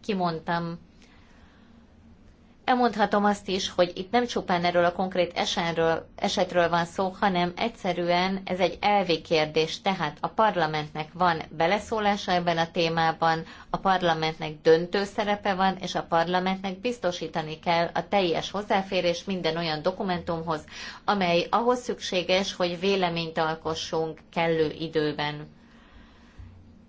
kimondtam, Elmondhatom azt is, hogy itt nem csupán erről a konkrét esenről, esetről van szó, hanem egyszerűen ez egy elvi kérdés, tehát a parlamentnek van beleszólása ebben a témában, a parlamentnek döntő szerepe van, és a parlamentnek biztosítani kell a teljes hozzáférés minden olyan dokumentumhoz, amely ahhoz szükséges, hogy véleményt alkossunk kellő időben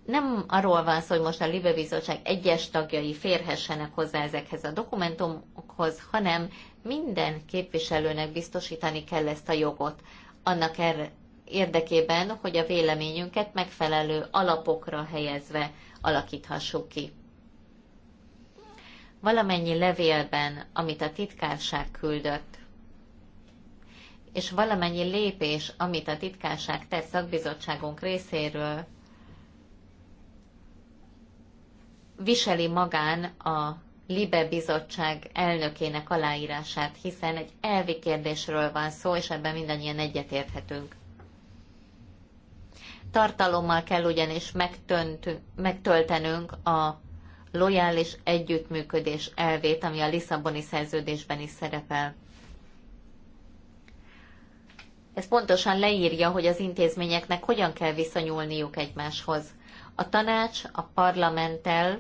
nem arról van szó, hogy most a Libe Bizottság egyes tagjai férhessenek hozzá ezekhez a dokumentumokhoz, hanem minden képviselőnek biztosítani kell ezt a jogot. Annak erre érdekében, hogy a véleményünket megfelelő alapokra helyezve alakíthassuk ki. Valamennyi levélben, amit a titkárság küldött, és valamennyi lépés, amit a titkárság tett szakbizottságunk részéről, viseli magán a Libe bizottság elnökének aláírását, hiszen egy elvi kérdésről van szó, és ebben mindannyian egyetérthetünk. Tartalommal kell ugyanis megtönt, megtöltenünk a lojális együttműködés elvét, ami a Lisszaboni szerződésben is szerepel. Ez pontosan leírja, hogy az intézményeknek hogyan kell viszonyulniuk egymáshoz – a tanács a parlamenttel,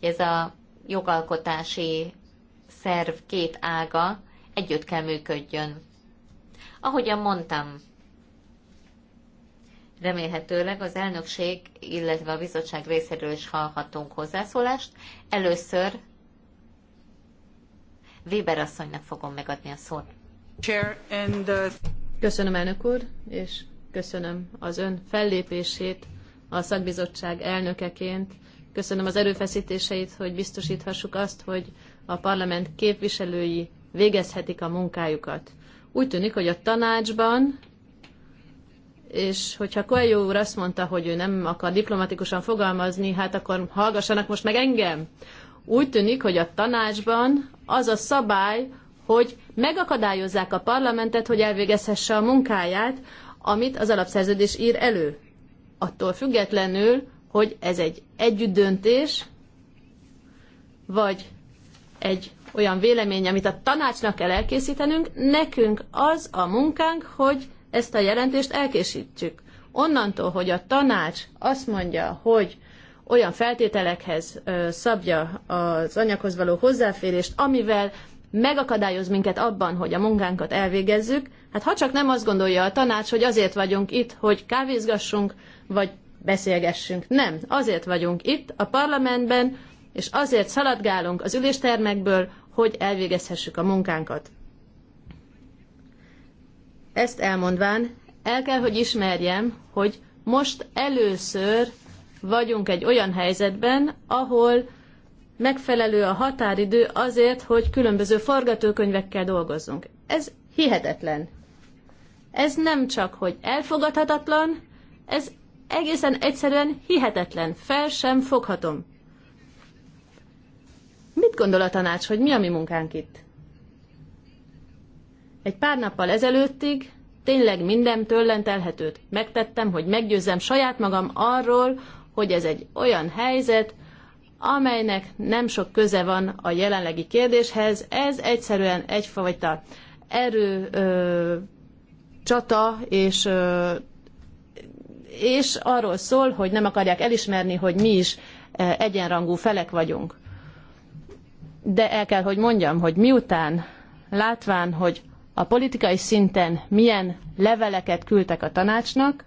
ez a jogalkotási szerv két ága együtt kell működjön. Ahogyan mondtam, remélhetőleg az elnökség, illetve a bizottság részéről is hallhatunk hozzászólást. Először Weber asszonynak fogom megadni a szót. Uh, köszönöm, elnök úr, és köszönöm az ön fellépését a szakbizottság elnökeként. Köszönöm az erőfeszítéseit, hogy biztosíthassuk azt, hogy a parlament képviselői végezhetik a munkájukat. Úgy tűnik, hogy a tanácsban, és hogyha Coelho úr azt mondta, hogy ő nem akar diplomatikusan fogalmazni, hát akkor hallgassanak most meg engem. Úgy tűnik, hogy a tanácsban az a szabály, hogy megakadályozzák a parlamentet, hogy elvégezhesse a munkáját, amit az alapszerződés ír elő attól függetlenül, hogy ez egy együttdöntés, vagy egy olyan vélemény, amit a tanácsnak kell elkészítenünk, nekünk az a munkánk, hogy ezt a jelentést elkészítsük. Onnantól, hogy a tanács azt mondja, hogy olyan feltételekhez szabja az anyaghoz való hozzáférést, amivel megakadályoz minket abban, hogy a munkánkat elvégezzük, hát ha csak nem azt gondolja a tanács, hogy azért vagyunk itt, hogy kávézgassunk, vagy beszélgessünk. Nem, azért vagyunk itt, a parlamentben, és azért szaladgálunk az üléstermekből, hogy elvégezhessük a munkánkat. Ezt elmondván, el kell, hogy ismerjem, hogy most először vagyunk egy olyan helyzetben, ahol megfelelő a határidő azért, hogy különböző forgatókönyvekkel dolgozzunk. Ez hihetetlen. Ez nem csak, hogy elfogadhatatlan, ez egészen egyszerűen hihetetlen, fel sem foghatom. Mit gondol a tanács, hogy mi a mi munkánk itt? Egy pár nappal ezelőttig tényleg minden tőlentelhetőt telhetőt megtettem, hogy meggyőzzem saját magam arról, hogy ez egy olyan helyzet, amelynek nem sok köze van a jelenlegi kérdéshez. Ez egyszerűen egyfajta erő ö, csata és ö, és arról szól, hogy nem akarják elismerni, hogy mi is e, egyenrangú felek vagyunk. De el kell, hogy mondjam, hogy miután látván, hogy a politikai szinten milyen leveleket küldtek a tanácsnak,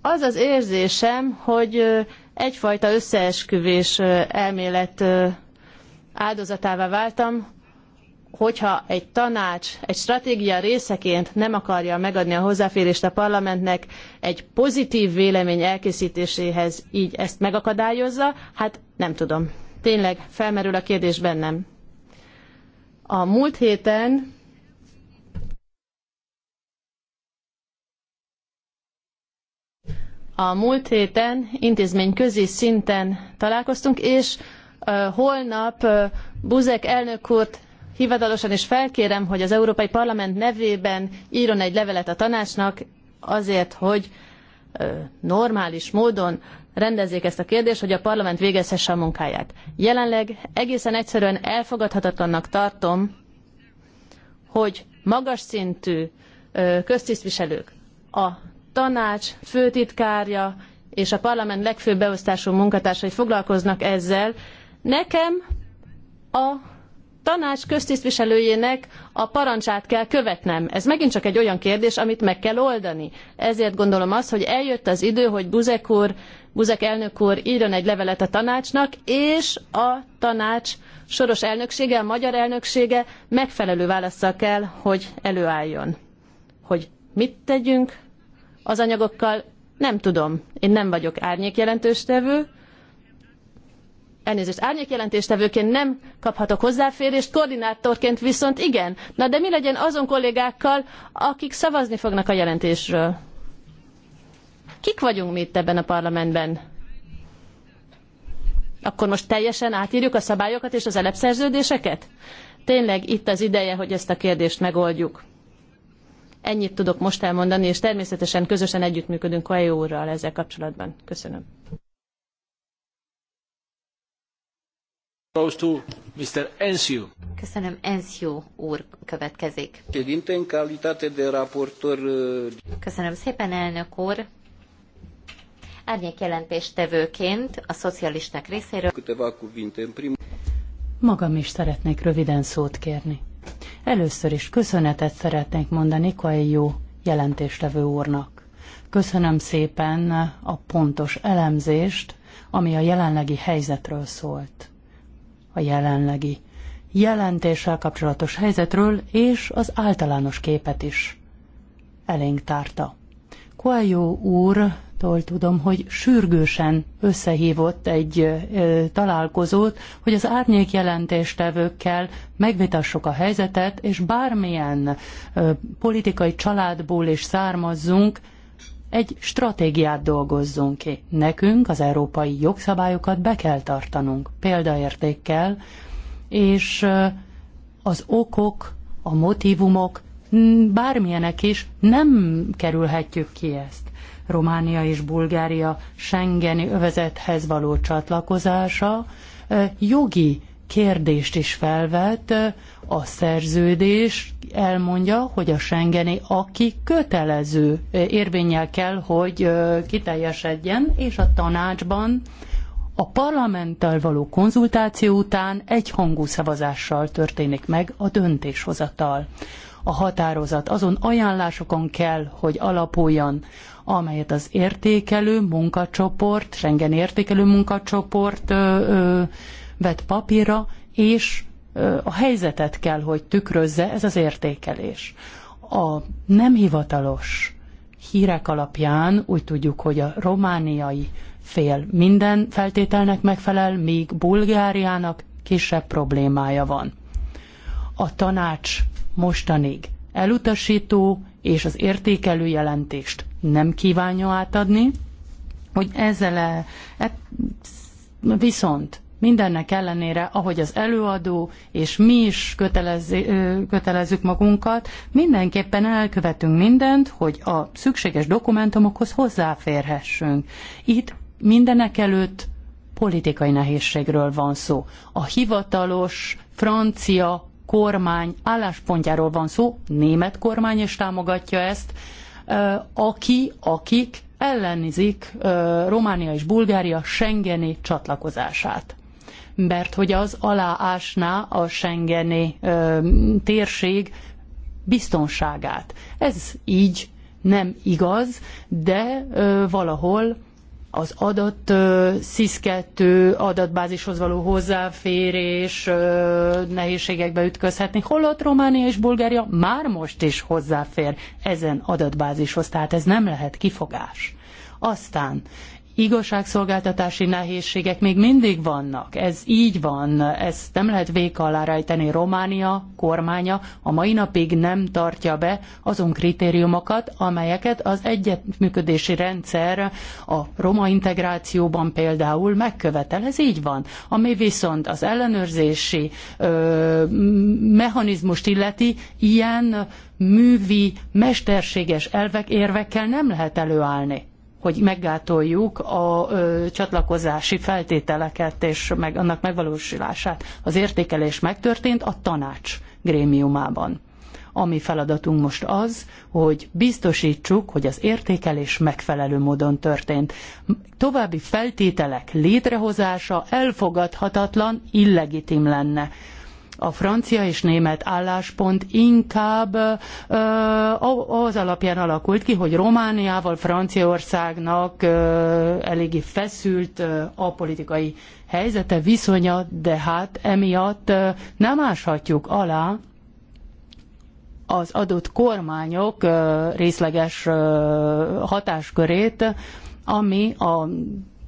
az az érzésem, hogy egyfajta összeesküvés elmélet áldozatává váltam, hogyha egy tanács egy stratégia részeként nem akarja megadni a hozzáférést a parlamentnek egy pozitív vélemény elkészítéséhez, így ezt megakadályozza, hát nem tudom. Tényleg felmerül a kérdés bennem. A múlt héten A múlt héten intézményközi szinten találkoztunk, és holnap Buzek elnök úrt hivatalosan, is felkérem, hogy az Európai Parlament nevében írjon egy levelet a tanácsnak azért, hogy normális módon rendezzék ezt a kérdést, hogy a parlament végezhesse a munkáját. Jelenleg egészen egyszerűen elfogadhatatlannak tartom, hogy magas szintű köztisztviselők, a tanács főtitkárja és a parlament legfőbb beosztású munkatársai foglalkoznak ezzel. Nekem a tanács köztisztviselőjének a parancsát kell követnem. Ez megint csak egy olyan kérdés, amit meg kell oldani. Ezért gondolom azt, hogy eljött az idő, hogy Buzek úr, Buzek elnök úr írjon egy levelet a tanácsnak, és a tanács soros elnöksége, a magyar elnöksége megfelelő válaszsal kell, hogy előálljon. Hogy mit tegyünk az anyagokkal, nem tudom. Én nem vagyok árnyék tevő elnézést, árnyékjelentéstevőként nem kaphatok hozzáférést, koordinátorként viszont igen. Na de mi legyen azon kollégákkal, akik szavazni fognak a jelentésről? Kik vagyunk mi itt ebben a parlamentben? Akkor most teljesen átírjuk a szabályokat és az elepszerződéseket? Tényleg itt az ideje, hogy ezt a kérdést megoldjuk. Ennyit tudok most elmondani, és természetesen közösen együttműködünk Koelyó úrral ezzel kapcsolatban. Köszönöm. Goes Mr. Köszönöm, Ensiu úr következik. raportor... Uh, Köszönöm szépen, elnök úr. Árnyék jelentéstevőként a szocialisták részéről... Magam is szeretnék röviden szót kérni. Először is köszönetet szeretnék mondani Koelyó jelentéstevő úrnak. Köszönöm szépen a pontos elemzést, ami a jelenlegi helyzetről szólt a jelenlegi jelentéssel kapcsolatos helyzetről és az általános képet is elénk tárta. Coelho úrtól tudom, hogy sürgősen összehívott egy ö, találkozót, hogy az árnyék jelentéstevőkkel megvitassuk a helyzetet, és bármilyen ö, politikai családból is származzunk, egy stratégiát dolgozzunk ki. Nekünk az európai jogszabályokat be kell tartanunk példaértékkel, és az okok, a motivumok, bármilyenek is, nem kerülhetjük ki ezt. Románia és Bulgária Schengeni övezethez való csatlakozása jogi kérdést is felvet, a szerződés elmondja, hogy a Schengeni aki kötelező érvényel kell, hogy kiteljesedjen, és a tanácsban a parlamenttel való konzultáció után egyhangú szavazással történik meg a döntéshozatal. A határozat azon ajánlásokon kell, hogy alapuljon, amelyet az értékelő munkacsoport, Schengen értékelő munkacsoport ö, ö, vett papírra, és a helyzetet kell, hogy tükrözze ez az értékelés. A nem hivatalos hírek alapján úgy tudjuk, hogy a romániai fél minden feltételnek megfelel, míg Bulgáriának kisebb problémája van. A tanács mostanig elutasító és az értékelő jelentést nem kívánja átadni, hogy ezzel e, e viszont Mindennek ellenére, ahogy az előadó és mi is kötelezzük magunkat, mindenképpen elkövetünk mindent, hogy a szükséges dokumentumokhoz hozzáférhessünk. Itt mindenek előtt politikai nehézségről van szó. A hivatalos francia kormány álláspontjáról van szó, német kormány is támogatja ezt, aki, akik ellenzik Románia és Bulgária Schengeni csatlakozását mert hogy az aláásná a Schengeni ö, térség biztonságát. Ez így nem igaz, de ö, valahol az adat SIS-2 adatbázishoz való hozzáférés nehézségekbe ütközhetni, holott Románia és Bulgária már most is hozzáfér ezen adatbázishoz, tehát ez nem lehet kifogás. Aztán igazságszolgáltatási nehézségek még mindig vannak. Ez így van, ezt nem lehet vék alá rejteni. Románia kormánya a mai napig nem tartja be azon kritériumokat, amelyeket az egyetműködési rendszer a roma integrációban például megkövetel. Ez így van. Ami viszont az ellenőrzési ö, mechanizmust illeti, ilyen művi, mesterséges elvek, érvekkel nem lehet előállni hogy meggátoljuk a csatlakozási feltételeket és meg, annak megvalósulását. Az értékelés megtörtént a tanács grémiumában. A mi feladatunk most az, hogy biztosítsuk, hogy az értékelés megfelelő módon történt. További feltételek létrehozása elfogadhatatlan, illegitim lenne a francia és német álláspont inkább ö, az alapján alakult ki, hogy Romániával, Franciaországnak ö, eléggé feszült ö, a politikai helyzete, viszonya, de hát emiatt ö, nem áshatjuk alá az adott kormányok ö, részleges ö, hatáskörét, ami a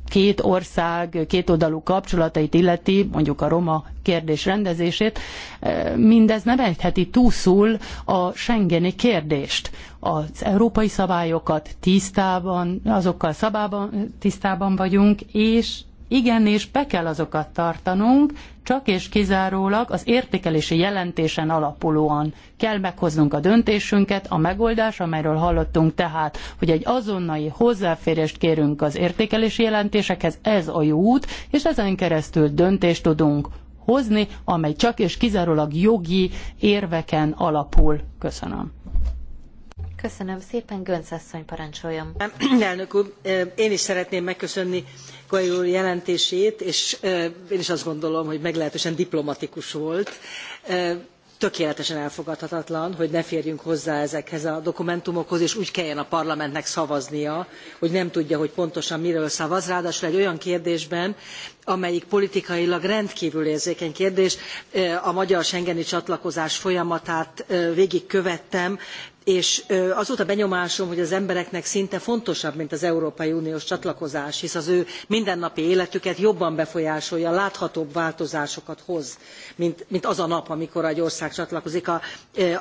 két ország kétoldalú kapcsolatait illeti, mondjuk a roma kérdés rendezését, eh, mindez nem ejtheti túszul a Schengeni kérdést. Az európai szabályokat tisztában, azokkal szabában, tisztában vagyunk, és igenis be kell azokat tartanunk, csak és kizárólag az értékelési jelentésen alapulóan kell meghoznunk a döntésünket, a megoldás, amelyről hallottunk tehát, hogy egy azonnali hozzáférést kérünk az értékelési jelentésekhez, ez a jó út, és ezen keresztül döntést tudunk hozni, amely csak és kizárólag jogi érveken alapul. Köszönöm. Köszönöm szépen, Gönc asszony parancsoljon. Elnök úr, eh, én is szeretném megköszönni Koelho úr jelentését, és eh, én is azt gondolom, hogy meglehetősen diplomatikus volt eh, tökéletesen elfogadhatatlan, hogy ne férjünk hozzá ezekhez a dokumentumokhoz, és úgy kelljen a parlamentnek szavaznia, hogy nem tudja, hogy pontosan miről szavaz, ráadásul egy olyan kérdésben, amelyik politikailag rendkívül érzékeny kérdés. A magyar Schengeni csatlakozás folyamatát végigkövettem, és az volt a benyomásom, hogy az embereknek szinte fontosabb, mint az Európai Uniós csatlakozás, hisz az ő mindennapi életüket jobban befolyásolja, láthatóbb változásokat hoz, mint, mint az a nap, amikor egy ország csatlakozik a,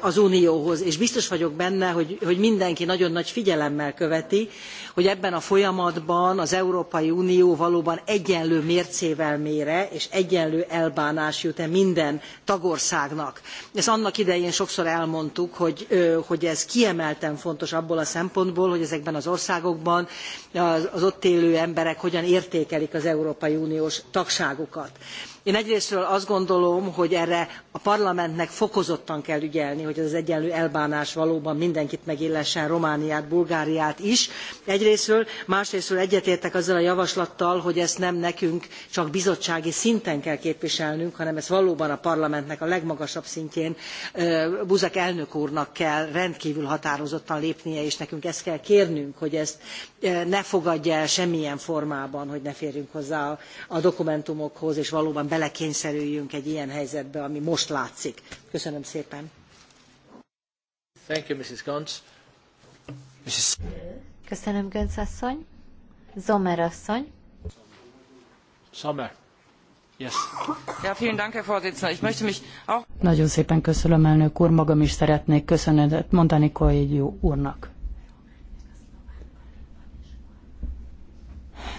az Unióhoz. És biztos vagyok benne, hogy, hogy mindenki nagyon nagy figyelemmel követi, hogy ebben a folyamatban az Európai Unió valóban egyenlő mércével mére, és egyenlő elbánás jut-e minden tagországnak. Ezt annak idején sokszor elmondtuk, hogy, hogy ez kiemelten fontos abból a szempontból, hogy ezekben az országokban az ott élő emberek hogyan értékelik az Európai Uniós tagságukat én egyrészről azt gondolom hogy erre a parlamentnek fokozottan kell ügyelni hogy ez az egyenlő elbánás valóban mindenkit megillessen romániát bulgáriát is egyrészről másrészről egyetértek azzal a javaslattal hogy ezt nem nekünk csak bizottsági szinten kell képviselnünk hanem ezt valóban a parlamentnek a legmagasabb szintjén buzek elnök úrnak kell rendkvül határozottan lépnie és nekünk ezt kell kérnünk hogy ezt ne fogadja el semmilyen formában hogy ne férjünk hozzá a dokumentumokhoz és valóban belekényszerüljünk egy ilyen helyzetbe, ami most látszik. Köszönöm szépen. Thank you, Mrs. Gons. Mrs. Köszönöm, Gönc asszony. Zomer asszony. Sommer. Yes. Ja, vielen Dank, Herr Vorsitzender. Ich möchte mich auch... Nagyon szépen köszönöm, elnök úr. Magam is szeretnék köszönetet mondani Koégyó úrnak.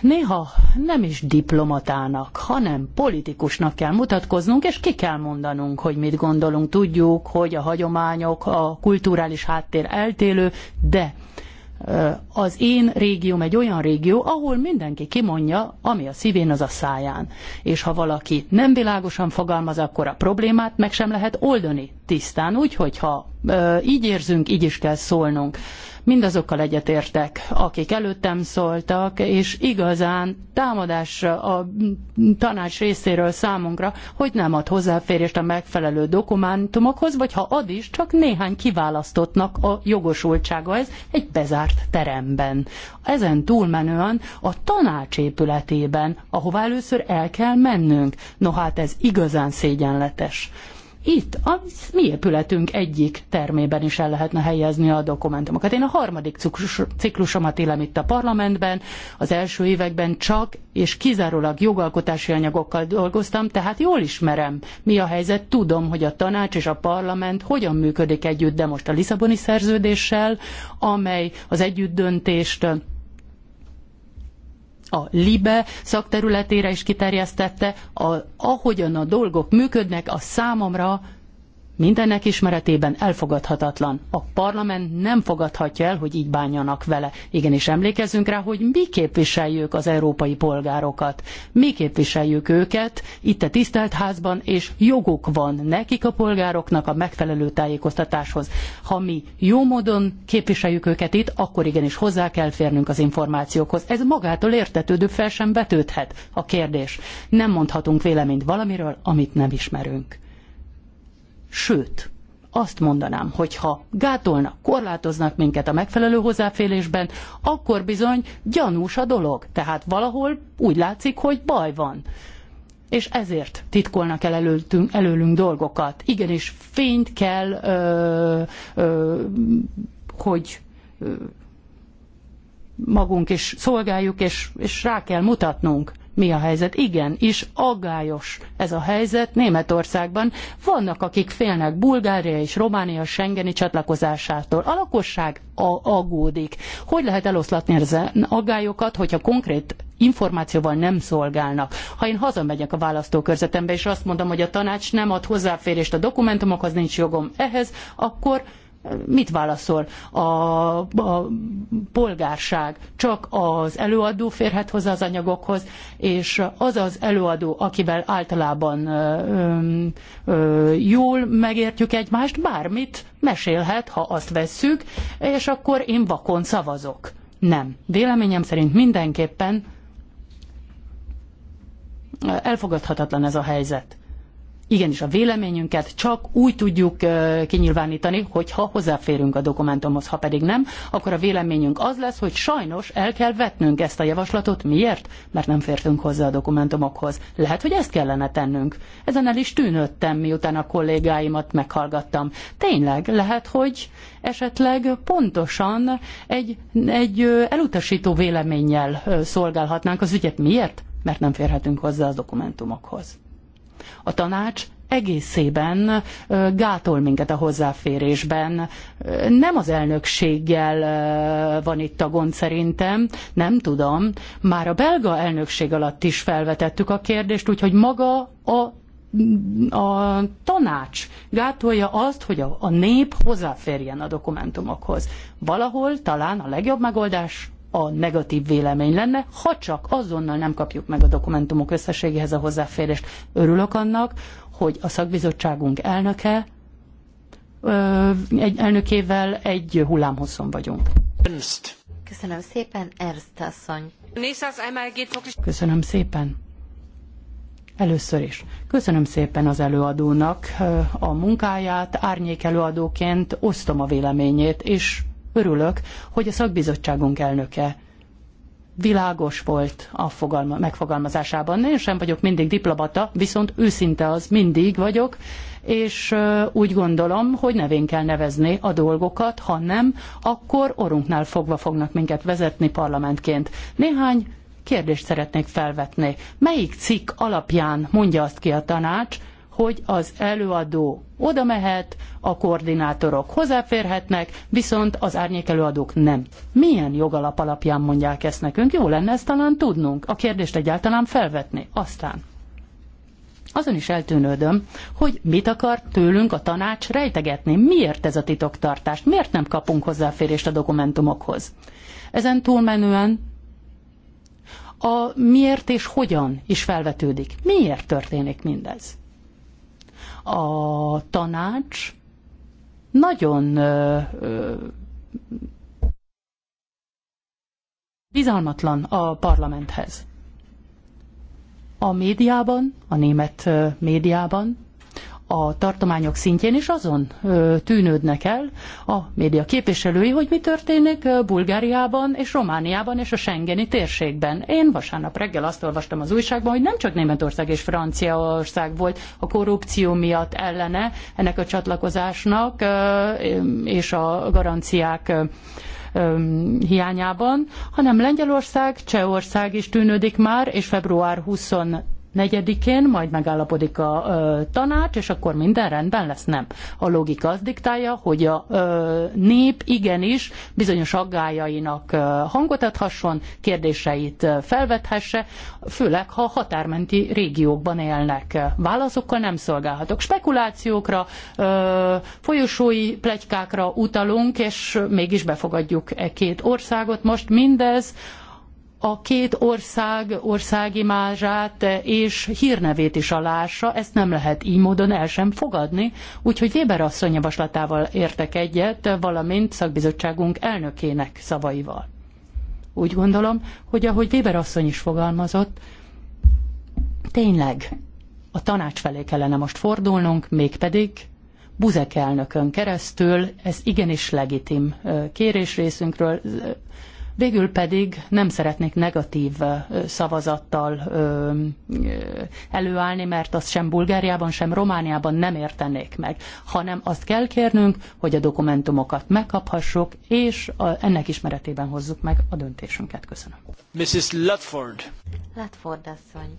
néha nem is diplomatának, hanem politikusnak kell mutatkoznunk, és ki kell mondanunk, hogy mit gondolunk. Tudjuk, hogy a hagyományok, a kulturális háttér eltélő, de az én régióm egy olyan régió, ahol mindenki kimondja, ami a szívén, az a száján. És ha valaki nem világosan fogalmaz, akkor a problémát meg sem lehet oldani tisztán. Úgyhogy ha így érzünk, így is kell szólnunk. Mindazokkal egyetértek, akik előttem szóltak, és igazán támadás a tanács részéről számunkra, hogy nem ad hozzáférést a megfelelő dokumentumokhoz, vagy ha ad is, csak néhány kiválasztottnak a jogosultsága ez egy bezárt teremben. Ezen túlmenően a tanács épületében, ahová először el kell mennünk. No hát ez igazán szégyenletes itt a mi épületünk egyik termében is el lehetne helyezni a dokumentumokat. Én a harmadik ciklusomat élem itt a parlamentben, az első években csak és kizárólag jogalkotási anyagokkal dolgoztam, tehát jól ismerem, mi a helyzet, tudom, hogy a tanács és a parlament hogyan működik együtt, de most a Lisszaboni szerződéssel, amely az együttdöntést a LIBE szakterületére is kiterjesztette, a, ahogyan a dolgok működnek, a számomra mindennek ismeretében elfogadhatatlan. A parlament nem fogadhatja el, hogy így bánjanak vele. Igenis emlékezünk rá, hogy mi képviseljük az európai polgárokat. Mi képviseljük őket itt a tisztelt házban, és joguk van nekik a polgároknak a megfelelő tájékoztatáshoz. Ha mi jó módon képviseljük őket itt, akkor igenis hozzá kell férnünk az információkhoz. Ez magától értetődő fel sem vetődhet a kérdés. Nem mondhatunk véleményt valamiről, amit nem ismerünk. Sőt, azt mondanám, hogy ha gátolnak, korlátoznak minket a megfelelő hozzáférésben, akkor bizony gyanús a dolog. Tehát valahol úgy látszik, hogy baj van. És ezért titkolnak el előlünk dolgokat. Igenis, fényt kell, ö, ö, hogy ö, magunk is szolgáljuk, és, és rá kell mutatnunk mi a helyzet. Igen, is aggályos ez a helyzet Németországban. Vannak, akik félnek Bulgária és Románia Schengeni csatlakozásától. A lakosság aggódik. Hogy lehet eloszlatni az aggályokat, hogyha konkrét információval nem szolgálnak. Ha én hazamegyek a választókörzetembe, és azt mondom, hogy a tanács nem ad hozzáférést a dokumentumokhoz, nincs jogom ehhez, akkor mit válaszol a, a polgárság? Csak az előadó férhet hozzá az anyagokhoz, és az az előadó, akivel általában ö, ö, jól megértjük egymást, bármit mesélhet, ha azt vesszük, és akkor én vakon szavazok. Nem. Véleményem szerint mindenképpen elfogadhatatlan ez a helyzet. Igenis, a véleményünket csak úgy tudjuk kinyilvánítani, hogyha hozzáférünk a dokumentumhoz. Ha pedig nem, akkor a véleményünk az lesz, hogy sajnos el kell vetnünk ezt a javaslatot. Miért? Mert nem fértünk hozzá a dokumentumokhoz. Lehet, hogy ezt kellene tennünk. Ezen el is tűnődtem, miután a kollégáimat meghallgattam. Tényleg, lehet, hogy esetleg pontosan egy, egy elutasító véleménnyel szolgálhatnánk az ügyet. Miért? Mert nem férhetünk hozzá az dokumentumokhoz. A tanács egészében gátol minket a hozzáférésben. Nem az elnökséggel van itt a gond szerintem, nem tudom. Már a belga elnökség alatt is felvetettük a kérdést, úgyhogy maga a a tanács gátolja azt, hogy a, a nép hozzáférjen a dokumentumokhoz. Valahol talán a legjobb megoldás a negatív vélemény lenne, ha csak azonnal nem kapjuk meg a dokumentumok összességéhez a hozzáférést. Örülök annak, hogy a szakbizottságunk elnöke egy elnökével egy hullámhosszon vagyunk. Köszönöm szépen, Ernst asszony. Köszönöm szépen. Először is. Köszönöm szépen az előadónak a munkáját, árnyék előadóként osztom a véleményét, és Örülök, hogy a szakbizottságunk elnöke világos volt a fogalma, megfogalmazásában. Én sem vagyok mindig diplomata, viszont őszinte az mindig vagyok, és úgy gondolom, hogy nevén kell nevezni a dolgokat, ha nem, akkor orunknál fogva fognak minket vezetni parlamentként. Néhány kérdést szeretnék felvetni. Melyik cikk alapján mondja azt ki a tanács, hogy az előadó oda mehet, a koordinátorok hozzáférhetnek, viszont az árnyék előadók nem. Milyen jogalap alapján mondják ezt nekünk? Jó lenne ezt talán tudnunk, a kérdést egyáltalán felvetni. Aztán azon is eltűnődöm, hogy mit akar tőlünk a tanács rejtegetni, miért ez a titoktartás, miért nem kapunk hozzáférést a dokumentumokhoz. Ezen túlmenően a miért és hogyan is felvetődik. Miért történik mindez? A tanács nagyon bizalmatlan a parlamenthez. A médiában, a német médiában a tartományok szintjén, is azon tűnődnek el a média képviselői, hogy mi történik Bulgáriában és Romániában és a Schengeni térségben. Én vasárnap reggel azt olvastam az újságban, hogy nem csak Németország és Franciaország volt a korrupció miatt ellene ennek a csatlakozásnak és a garanciák hiányában, hanem Lengyelország, Csehország is tűnődik már, és február 20 4-én, majd megállapodik a ö, tanács, és akkor minden rendben lesz, nem. A logika az diktálja, hogy a ö, nép igenis bizonyos aggájainak ö, hangot adhasson, kérdéseit felvethesse, főleg ha határmenti régiókban élnek. Válaszokkal nem szolgálhatok. Spekulációkra, folyosói plegykákra utalunk, és mégis befogadjuk e két országot. Most mindez a két ország országimázsát és hírnevét is alássa, ezt nem lehet így módon el sem fogadni, úgyhogy Weber asszony javaslatával értek egyet, valamint szakbizottságunk elnökének szavaival. Úgy gondolom, hogy ahogy Weber asszony is fogalmazott, tényleg a tanács felé kellene most fordulnunk, mégpedig Buzek elnökön keresztül, ez igenis legitim kérés részünkről, Végül pedig nem szeretnék negatív szavazattal előállni, mert azt sem Bulgáriában, sem Romániában nem értenék meg, hanem azt kell kérnünk, hogy a dokumentumokat megkaphassuk, és ennek ismeretében hozzuk meg a döntésünket. Köszönöm. Mrs. Latford. Latford asszony.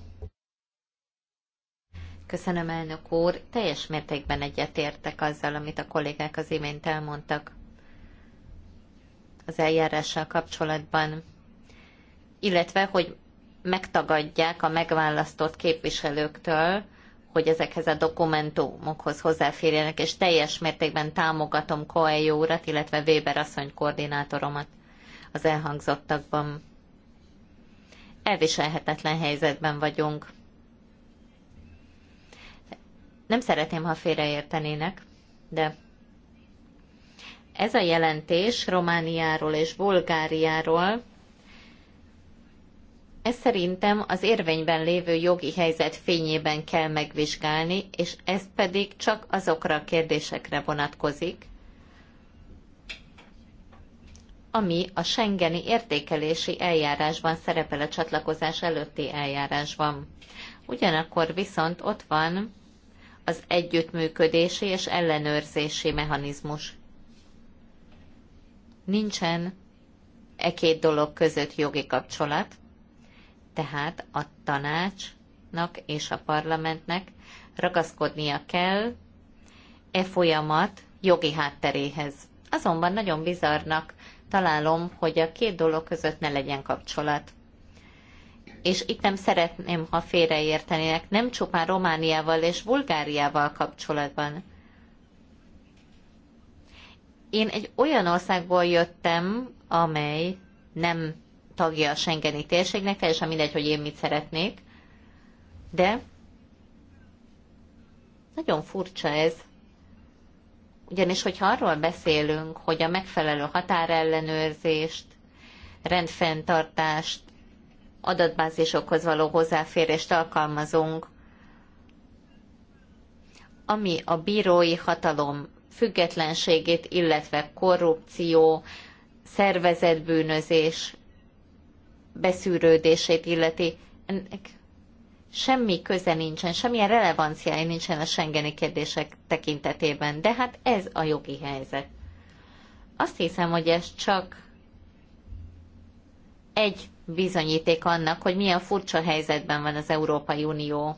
Köszönöm, elnök úr. Teljes mértékben egyetértek azzal, amit a kollégák az imént elmondtak az eljárással kapcsolatban, illetve hogy megtagadják a megválasztott képviselőktől, hogy ezekhez a dokumentumokhoz hozzáférjenek, és teljes mértékben támogatom Koelyó urat, illetve Weber asszony koordinátoromat az elhangzottakban. Elviselhetetlen helyzetben vagyunk. Nem szeretném, ha félreértenének, de ez a jelentés Romániáról és Bulgáriáról, ez szerintem az érvényben lévő jogi helyzet fényében kell megvizsgálni, és ez pedig csak azokra a kérdésekre vonatkozik, ami a Schengeni értékelési eljárásban szerepel a csatlakozás előtti eljárásban. Ugyanakkor viszont ott van az együttműködési és ellenőrzési mechanizmus. Nincsen e két dolog között jogi kapcsolat, tehát a tanácsnak és a parlamentnek ragaszkodnia kell e folyamat jogi hátteréhez. Azonban nagyon bizarnak találom, hogy a két dolog között ne legyen kapcsolat. És itt nem szeretném, ha félreértenének, nem csupán Romániával és Bulgáriával kapcsolatban, én egy olyan országból jöttem, amely nem tagja a Schengeni térségnek, teljesen mindegy, hogy én mit szeretnék, de nagyon furcsa ez. Ugyanis, hogyha arról beszélünk, hogy a megfelelő határellenőrzést, rendfenntartást, adatbázisokhoz való hozzáférést alkalmazunk, ami a bírói hatalom függetlenségét, illetve korrupció, szervezetbűnözés beszűrődését illeti. Ennek semmi köze nincsen, semmilyen relevanciája nincsen a Schengeni kérdések tekintetében, de hát ez a jogi helyzet. Azt hiszem, hogy ez csak egy bizonyíték annak, hogy milyen furcsa helyzetben van az Európai Unió.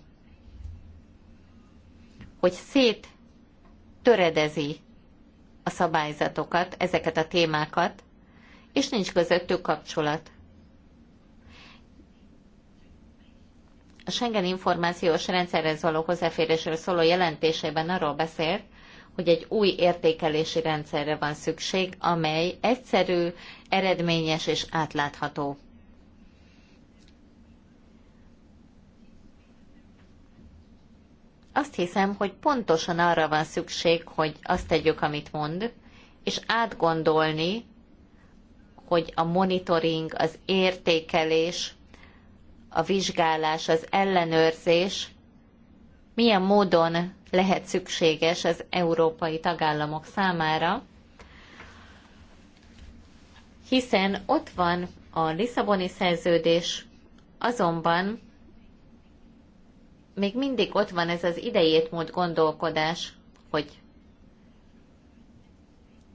Hogy szét töredezi a szabályzatokat, ezeket a témákat, és nincs közöttük kapcsolat. A Schengen információs rendszerhez való hozzáférésről szóló jelentésében arról beszélt, hogy egy új értékelési rendszerre van szükség, amely egyszerű, eredményes és átlátható. azt hiszem, hogy pontosan arra van szükség, hogy azt tegyük, amit mond, és átgondolni, hogy a monitoring, az értékelés, a vizsgálás, az ellenőrzés milyen módon lehet szükséges az európai tagállamok számára, hiszen ott van a Lisszaboni szerződés, azonban még mindig ott van ez az mód gondolkodás, hogy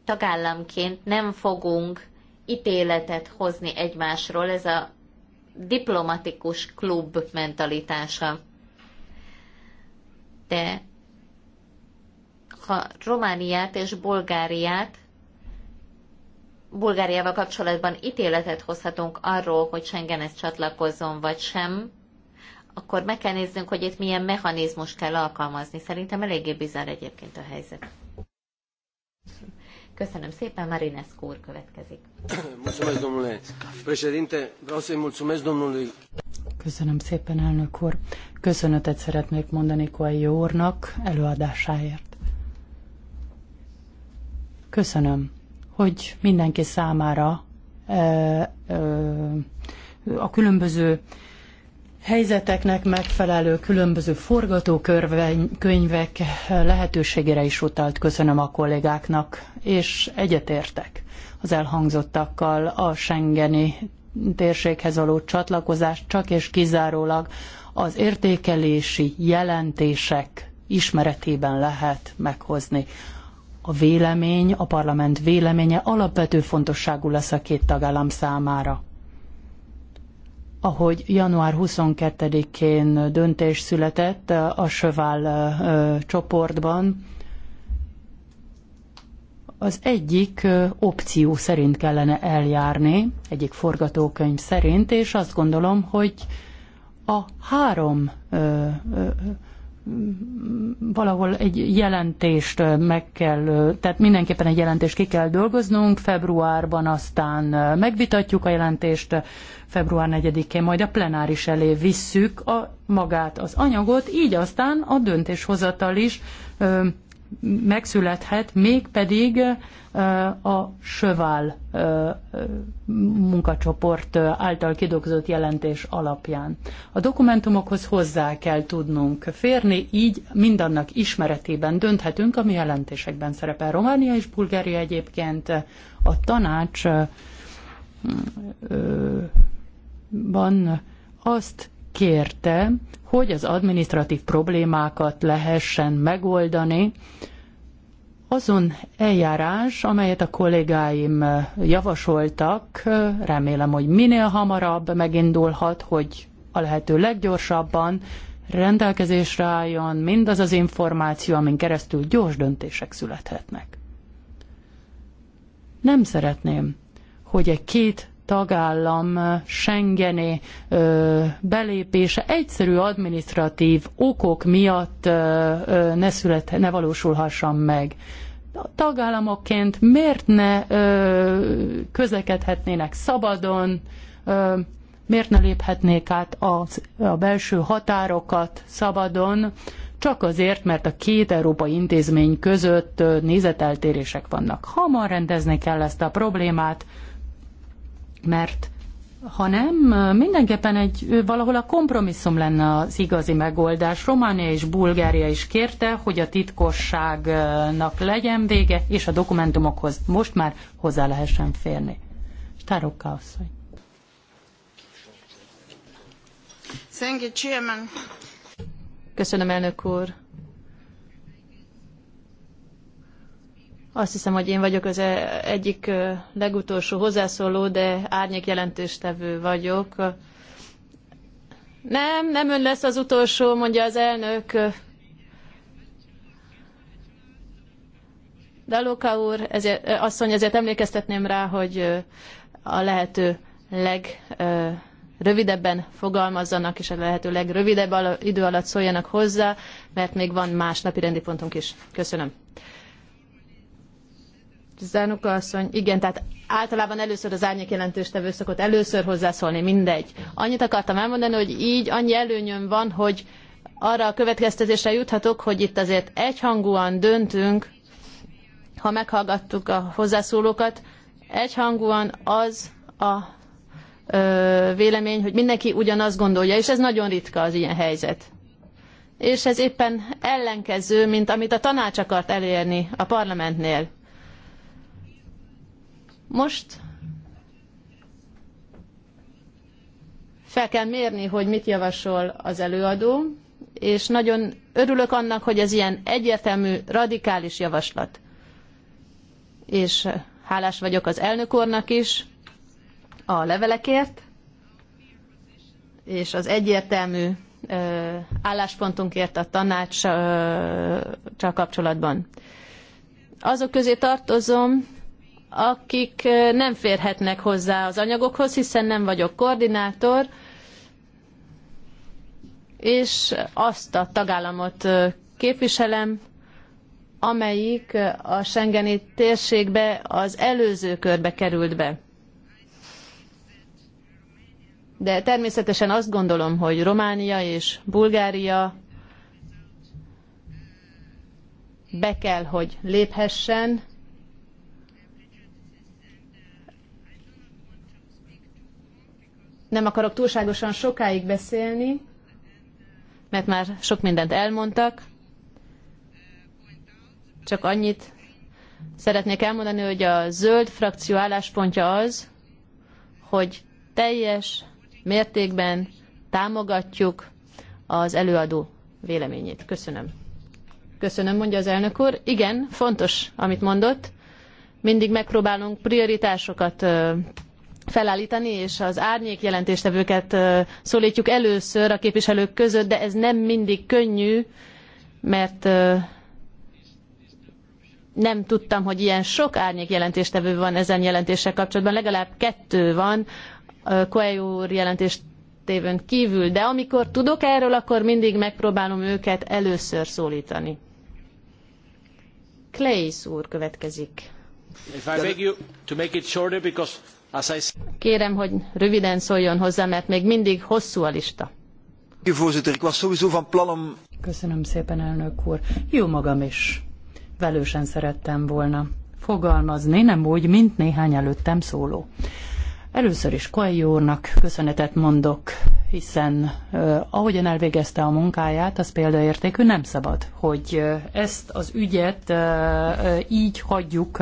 tagállamként nem fogunk ítéletet hozni egymásról, ez a diplomatikus klub mentalitása. De ha Romániát és Bulgáriát, Bulgáriával kapcsolatban ítéletet hozhatunk arról, hogy Schengenhez csatlakozzon vagy sem, akkor meg kell néznünk, hogy itt milyen mechanizmus kell alkalmazni. Szerintem eléggé bizarr egyébként a helyzet. Köszönöm szépen, Marines úr következik. Köszönöm szépen, elnök úr. Köszönetet szeretnék mondani Koelio úrnak előadásáért. Köszönöm, hogy mindenki számára e, e, a különböző helyzeteknek megfelelő különböző forgatókönyvek lehetőségére is utalt. Köszönöm a kollégáknak, és egyetértek az elhangzottakkal a Schengeni térséghez való csatlakozás csak és kizárólag az értékelési jelentések ismeretében lehet meghozni. A vélemény, a parlament véleménye alapvető fontosságú lesz a két tagállam számára ahogy január 22-én döntés született eh, a Söval eh, eh, csoportban, az egyik opció szerint kellene eljárni, egyik forgatókönyv szerint, és azt gondolom, hogy a három ö, ö, valahol egy jelentést meg kell, tehát mindenképpen egy jelentést ki kell dolgoznunk, februárban aztán megvitatjuk a jelentést, február 4-én majd a plenáris elé visszük a, magát az anyagot, így aztán a döntéshozatal is ö, megszülethet, mégpedig a Söval munkacsoport által kidolgozott jelentés alapján. A dokumentumokhoz hozzá kell tudnunk férni, így mindannak ismeretében dönthetünk, ami jelentésekben szerepel. Románia és Bulgária egyébként a tanács van azt kérte, hogy az administratív problémákat lehessen megoldani, azon eljárás, amelyet a kollégáim javasoltak, remélem, hogy minél hamarabb megindulhat, hogy a lehető leggyorsabban rendelkezésre álljon mindaz az információ, amin keresztül gyors döntések születhetnek. Nem szeretném, hogy egy két tagállam Schengeni ö, belépése egyszerű administratív okok miatt ö, ö, ne, szület, ne valósulhasson meg. A tagállamokként miért ne ö, közlekedhetnének szabadon, ö, miért ne léphetnék át a, a belső határokat szabadon, csak azért, mert a két európai intézmény között nézeteltérések vannak. Hamar rendezni kell ezt a problémát, mert hanem mindenképpen egy, valahol a kompromisszum lenne az igazi megoldás. Románia és Bulgária is kérte, hogy a titkosságnak legyen vége, és a dokumentumokhoz most már hozzá lehessen férni. Stárokká asszony. Köszönöm, elnök úr. Azt hiszem, hogy én vagyok az e- egyik legutolsó hozzászóló, de árnyék jelentéstevő vagyok. Nem, nem ön lesz az utolsó, mondja az elnök. Daloka úr, ezért, asszony, ezért emlékeztetném rá, hogy a lehető legrövidebben fogalmazzanak, és a lehető legrövidebb idő alatt szóljanak hozzá, mert még van más napi rendi pontunk is. Köszönöm. Zanuka asszony, igen, tehát általában először az árnyék jelentőstevő szokott először hozzászólni, mindegy. Annyit akartam elmondani, hogy így annyi előnyöm van, hogy arra a következtetésre juthatok, hogy itt azért egyhangúan döntünk, ha meghallgattuk a hozzászólókat, egyhangúan az a ö, vélemény, hogy mindenki ugyanazt gondolja, és ez nagyon ritka az ilyen helyzet. És ez éppen ellenkező, mint amit a tanács akart elérni a parlamentnél most fel kell mérni, hogy mit javasol az előadó, és nagyon örülök annak, hogy ez ilyen egyértelmű, radikális javaslat. És hálás vagyok az elnök úrnak is a levelekért, és az egyértelmű álláspontunkért a tanácssal kapcsolatban. Azok közé tartozom, akik nem férhetnek hozzá az anyagokhoz, hiszen nem vagyok koordinátor, és azt a tagállamot képviselem, amelyik a Schengeni térségbe az előző körbe került be. De természetesen azt gondolom, hogy Románia és Bulgária be kell, hogy léphessen Nem akarok túlságosan sokáig beszélni, mert már sok mindent elmondtak. Csak annyit szeretnék elmondani, hogy a zöld frakció álláspontja az, hogy teljes mértékben támogatjuk az előadó véleményét. Köszönöm. Köszönöm, mondja az elnök úr. Igen, fontos, amit mondott. Mindig megpróbálunk prioritásokat felállítani, és az árnyék jelentéstevőket szólítjuk először a képviselők között, de ez nem mindig könnyű, mert nem tudtam, hogy ilyen sok árnyék jelentéstevő van ezen jelentéssel kapcsolatban, legalább kettő van Coelho úr jelentéstévőn kívül, de amikor tudok erről, akkor mindig megpróbálom őket először szólítani. Clay úr következik. If I you to make it shorter because Kérem, hogy röviden szóljon hozzá, mert még mindig hosszú a lista. Köszönöm szépen, elnök úr. Jó magam is. Velősen szerettem volna fogalmazni, nem úgy, mint néhány előttem szóló. Először is Koei úrnak köszönetet mondok, hiszen uh, ahogyan elvégezte a munkáját, az példaértékű nem szabad, hogy ezt az ügyet uh, így hagyjuk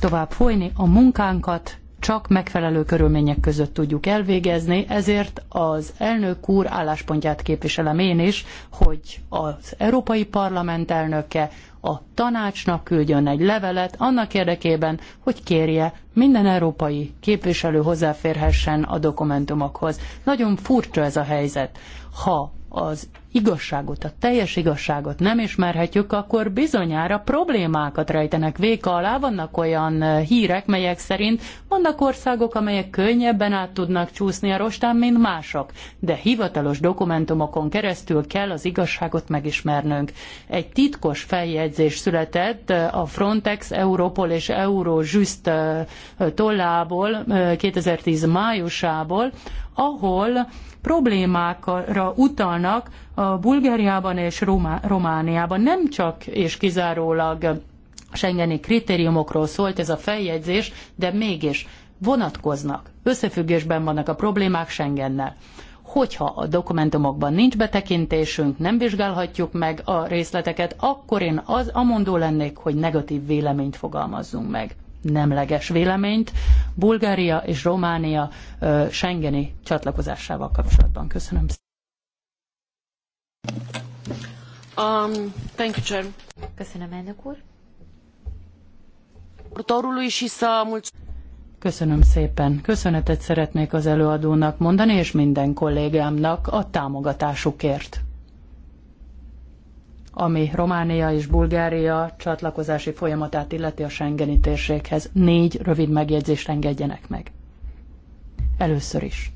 tovább folyni. A munkánkat csak megfelelő körülmények között tudjuk elvégezni, ezért az elnök úr álláspontját képviselem én is, hogy az Európai Parlament elnöke a tanácsnak küldjön egy levelet annak érdekében, hogy kérje, minden európai képviselő hozzáférhessen a dokumentumokhoz. Nagyon furcsa ez a helyzet. Ha az igazságot, a teljes igazságot nem ismerhetjük, akkor bizonyára problémákat rejtenek véka alá. Vannak olyan eh, hírek, melyek szerint vannak országok, amelyek könnyebben át tudnak csúszni a rostán, mint mások. De hivatalos dokumentumokon keresztül kell az igazságot megismernünk. Egy titkos feljegyzés született eh, a Frontex, Europol és Eurojust eh, tollából 2010 májusából, ahol problémákra utalnak a Bulgáriában és Roma- Romániában. Nem csak és kizárólag Schengeni kritériumokról szólt ez a feljegyzés, de mégis vonatkoznak, összefüggésben vannak a problémák Schengennel hogyha a dokumentumokban nincs betekintésünk, nem vizsgálhatjuk meg a részleteket, akkor én az amondó lennék, hogy negatív véleményt fogalmazzunk meg nemleges véleményt Bulgária és Románia Schengeni csatlakozásával kapcsolatban. Köszönöm Um, thank you, Chair. Köszönöm, elnök úr. Köszönöm szépen. Köszönetet szeretnék az előadónak mondani, és minden kollégámnak a támogatásukért ami Románia és Bulgária csatlakozási folyamatát illeti a Schengeni térséghez. Négy rövid megjegyzést engedjenek meg. Először is.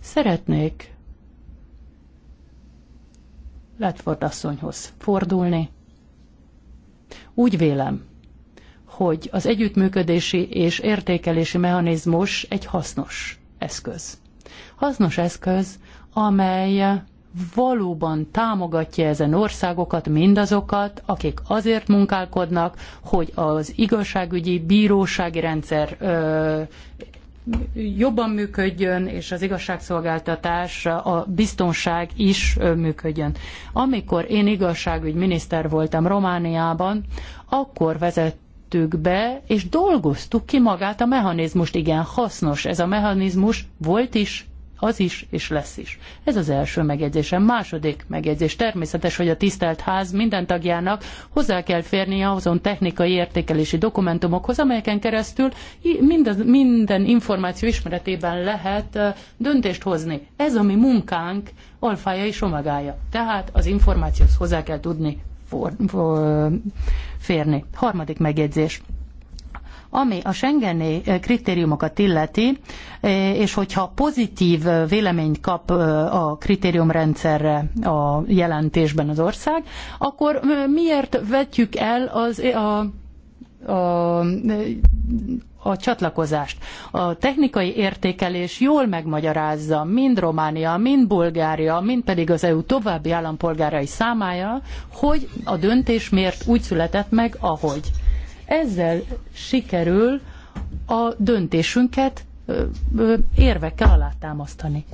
Szeretnék Letford asszonyhoz fordulni. Úgy vélem, hogy az együttműködési és értékelési mechanizmus egy hasznos eszköz hasznos eszköz, amely valóban támogatja ezen országokat, mindazokat, akik azért munkálkodnak, hogy az igazságügyi bírósági rendszer ö, jobban működjön, és az igazságszolgáltatás, a biztonság is működjön. Amikor én miniszter voltam Romániában, akkor vezet, vezettük be, és dolgoztuk ki magát a mechanizmust. Igen, hasznos ez a mechanizmus, volt is, az is, és lesz is. Ez az első megjegyzésem. Második megjegyzés. Természetes, hogy a tisztelt ház minden tagjának hozzá kell férnie azon technikai értékelési dokumentumokhoz, amelyeken keresztül minden, minden információ ismeretében lehet döntést hozni. Ez a mi munkánk alfája és omegája. Tehát az információhoz hozzá kell tudni for, for, férni. Harmadik megjegyzés ami a Schengeni eh, kritériumokat illeti, eh, és hogyha pozitív eh, véleményt kap a kritériumrendszerre a jelentésben az ország, akkor miért vetjük el az, a, a a csatlakozást. A technikai értékelés jól megmagyarázza mind Románia, mind Bulgária, mind pedig az EU további állampolgárai számára, hogy a döntés miért úgy született meg, ahogy. Ezzel sikerül a döntésünket érvekkel alátámasztani.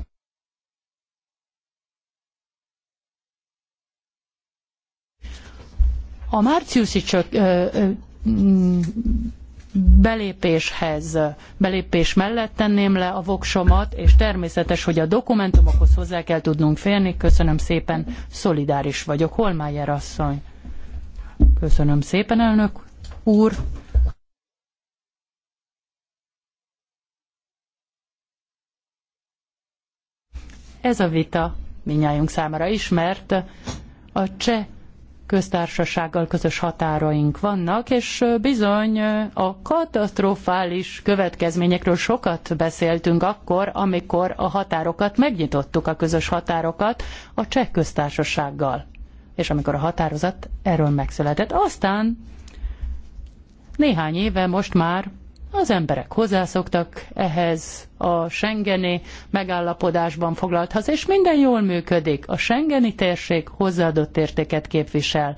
A márciusi csak, ö, ö, belépéshez, belépés mellett tenném le a voksomat, és természetes, hogy a dokumentumokhoz hozzá kell tudnunk férni. Köszönöm szépen, szolidáris vagyok. Holmájer asszony. Köszönöm szépen, elnök úr. Ez a vita minnyájunk számára ismert. A cseh köztársasággal közös határaink vannak, és bizony a katasztrofális következményekről sokat beszéltünk akkor, amikor a határokat megnyitottuk, a közös határokat a cseh köztársasággal. És amikor a határozat erről megszületett. Aztán néhány éve most már az emberek hozzászoktak ehhez a Schengeni megállapodásban foglalthoz, és minden jól működik. A Schengeni térség hozzáadott értéket képvisel.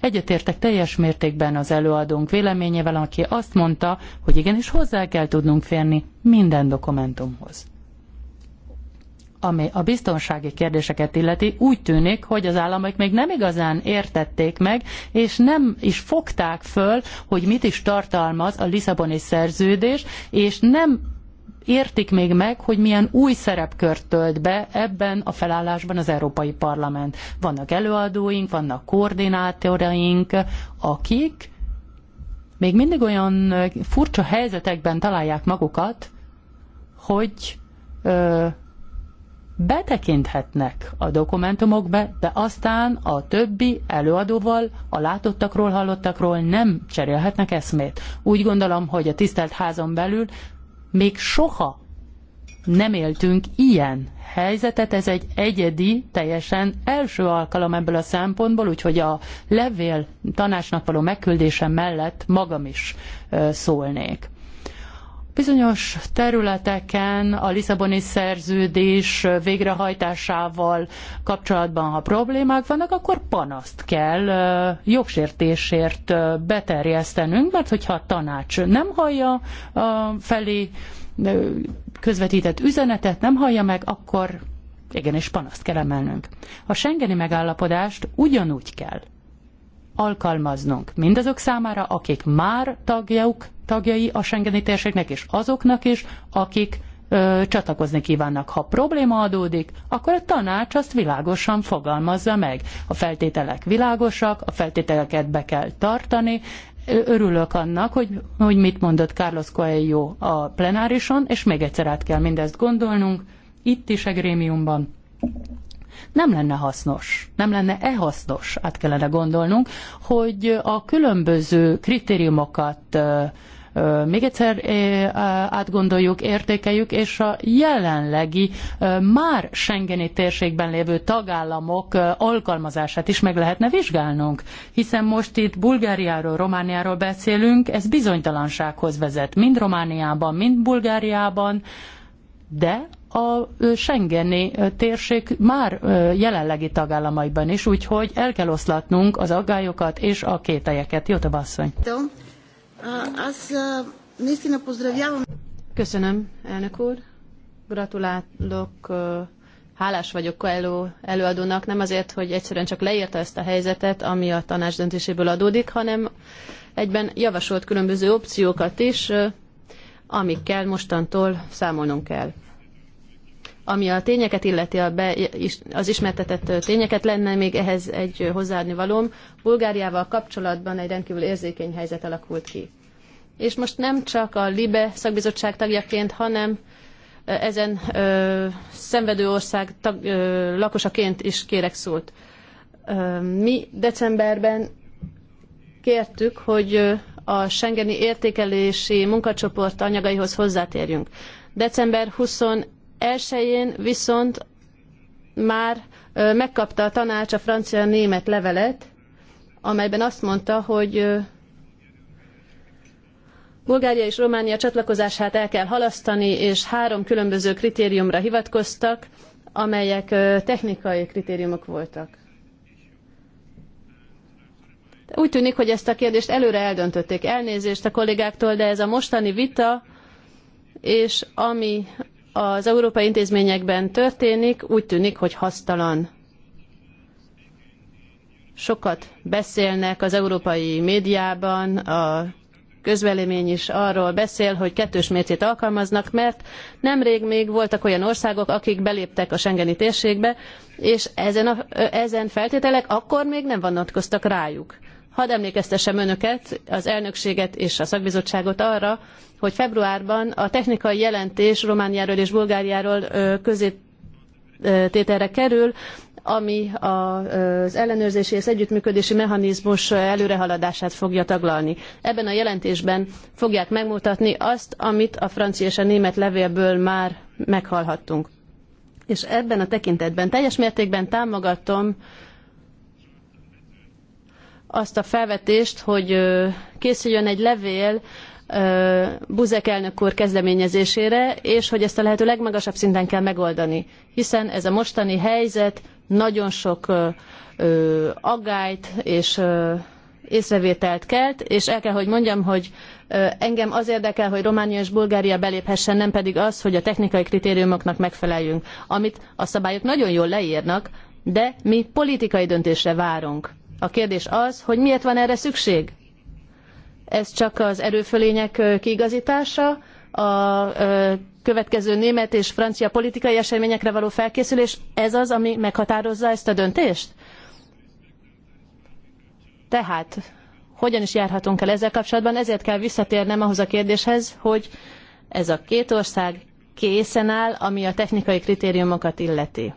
Egyetértek teljes mértékben az előadónk véleményével, aki azt mondta, hogy igenis hozzá kell tudnunk férni minden dokumentumhoz ami a biztonsági kérdéseket illeti, úgy tűnik, hogy az államok még nem igazán értették meg, és nem is fogták föl, hogy mit is tartalmaz a Lisszaboni szerződés, és nem értik még meg, hogy milyen új szerepkört tölt be ebben a felállásban az Európai Parlament. Vannak előadóink, vannak koordinátoraink, akik még mindig olyan furcsa helyzetekben találják magukat, hogy ö, betekinthetnek a dokumentumokba, de aztán a többi előadóval, a látottakról, hallottakról nem cserélhetnek eszmét. Úgy gondolom, hogy a tisztelt házon belül még soha nem éltünk ilyen helyzetet, ez egy egyedi, teljesen első alkalom ebből a szempontból, úgyhogy a levél tanácsnak való megküldése mellett magam is szólnék. Bizonyos területeken a Lisszaboni szerződés végrehajtásával kapcsolatban, ha problémák vannak, akkor panaszt kell jogsértésért beterjesztenünk, mert hogyha a tanács nem hallja felé közvetített üzenetet, nem hallja meg, akkor igenis panaszt kell emelnünk. A Schengeni megállapodást ugyanúgy kell alkalmaznunk mindazok számára, akik már tagjuk, tagjai a Schengeni térségnek, és azoknak is, akik ö, csatlakozni kívánnak. Ha probléma adódik, akkor a tanács azt világosan fogalmazza meg. A feltételek világosak, a feltételeket be kell tartani, örülök annak, hogy, hogy mit mondott Carlos Coelho a plenárison, és még egyszer át kell mindezt gondolnunk, itt is a grémiumban, nem lenne hasznos, nem lenne-e hasznos, át kellene gondolnunk, hogy a különböző kritériumokat még egyszer átgondoljuk, értékeljük, és a jelenlegi már Schengeni térségben lévő tagállamok alkalmazását is meg lehetne vizsgálnunk. Hiszen most itt Bulgáriáról, Romániáról beszélünk, ez bizonytalansághoz vezet, mind Romániában, mind Bulgáriában, de a Schengeni térség már jelenlegi tagállamaiban is, úgyhogy el kell oszlatnunk az aggályokat és a kételyeket. Jó, asszony! Köszönöm, elnök úr. Gratulálok, hálás vagyok Coelho előadónak, nem azért, hogy egyszerűen csak leírta ezt a helyzetet, ami a tanács döntéséből adódik, hanem egyben javasolt különböző opciókat is, amikkel mostantól számolnunk kell. Ami a tényeket illeti, a be, az ismertetett tényeket lenne még ehhez egy hozzáadni valóm. Bulgáriával kapcsolatban egy rendkívül érzékeny helyzet alakult ki. És most nem csak a LIBE szakbizottság tagjaként, hanem ezen ö, szenvedő ország tag, ö, lakosaként is kérek szót. Ö, mi decemberben kértük, hogy a Schengeni értékelési munkacsoport anyagaihoz hozzátérjünk. December 20 elsőjén, viszont már megkapta a tanács a francia-német levelet, amelyben azt mondta, hogy Bulgária és Románia csatlakozását el kell halasztani, és három különböző kritériumra hivatkoztak, amelyek technikai kritériumok voltak. Úgy tűnik, hogy ezt a kérdést előre eldöntötték. Elnézést a kollégáktól, de ez a mostani vita, és ami az európai intézményekben történik, úgy tűnik, hogy hasztalan. Sokat beszélnek az európai médiában, a közvélemény is arról beszél, hogy kettős mércét alkalmaznak, mert nemrég még voltak olyan országok, akik beléptek a Schengeni térségbe, és ezen, a, ezen feltételek akkor még nem vonatkoztak rájuk. Hadd emlékeztessem önöket, az elnökséget és a szakbizottságot arra, hogy februárban a technikai jelentés Romániáról és Bulgáriáról közétételre kerül, ami az ellenőrzési és együttműködési mechanizmus előrehaladását fogja taglalni. Ebben a jelentésben fogják megmutatni azt, amit a francia és a német levélből már meghallhattunk. És ebben a tekintetben teljes mértékben támogatom azt a felvetést, hogy készüljön egy levél Buzek elnök úr kezdeményezésére, és hogy ezt a lehető legmagasabb szinten kell megoldani, hiszen ez a mostani helyzet nagyon sok aggályt és észrevételt kelt, és el kell, hogy mondjam, hogy engem az érdekel, hogy Románia és Bulgária beléphessen, nem pedig az, hogy a technikai kritériumoknak megfeleljünk, amit a szabályok nagyon jól leírnak, de mi politikai döntésre várunk. A kérdés az, hogy miért van erre szükség? Ez csak az erőfölények kiigazítása, a következő német és francia politikai eseményekre való felkészülés, ez az, ami meghatározza ezt a döntést? Tehát, hogyan is járhatunk el ezzel kapcsolatban? Ezért kell visszatérnem ahhoz a kérdéshez, hogy ez a két ország készen áll, ami a technikai kritériumokat illeti.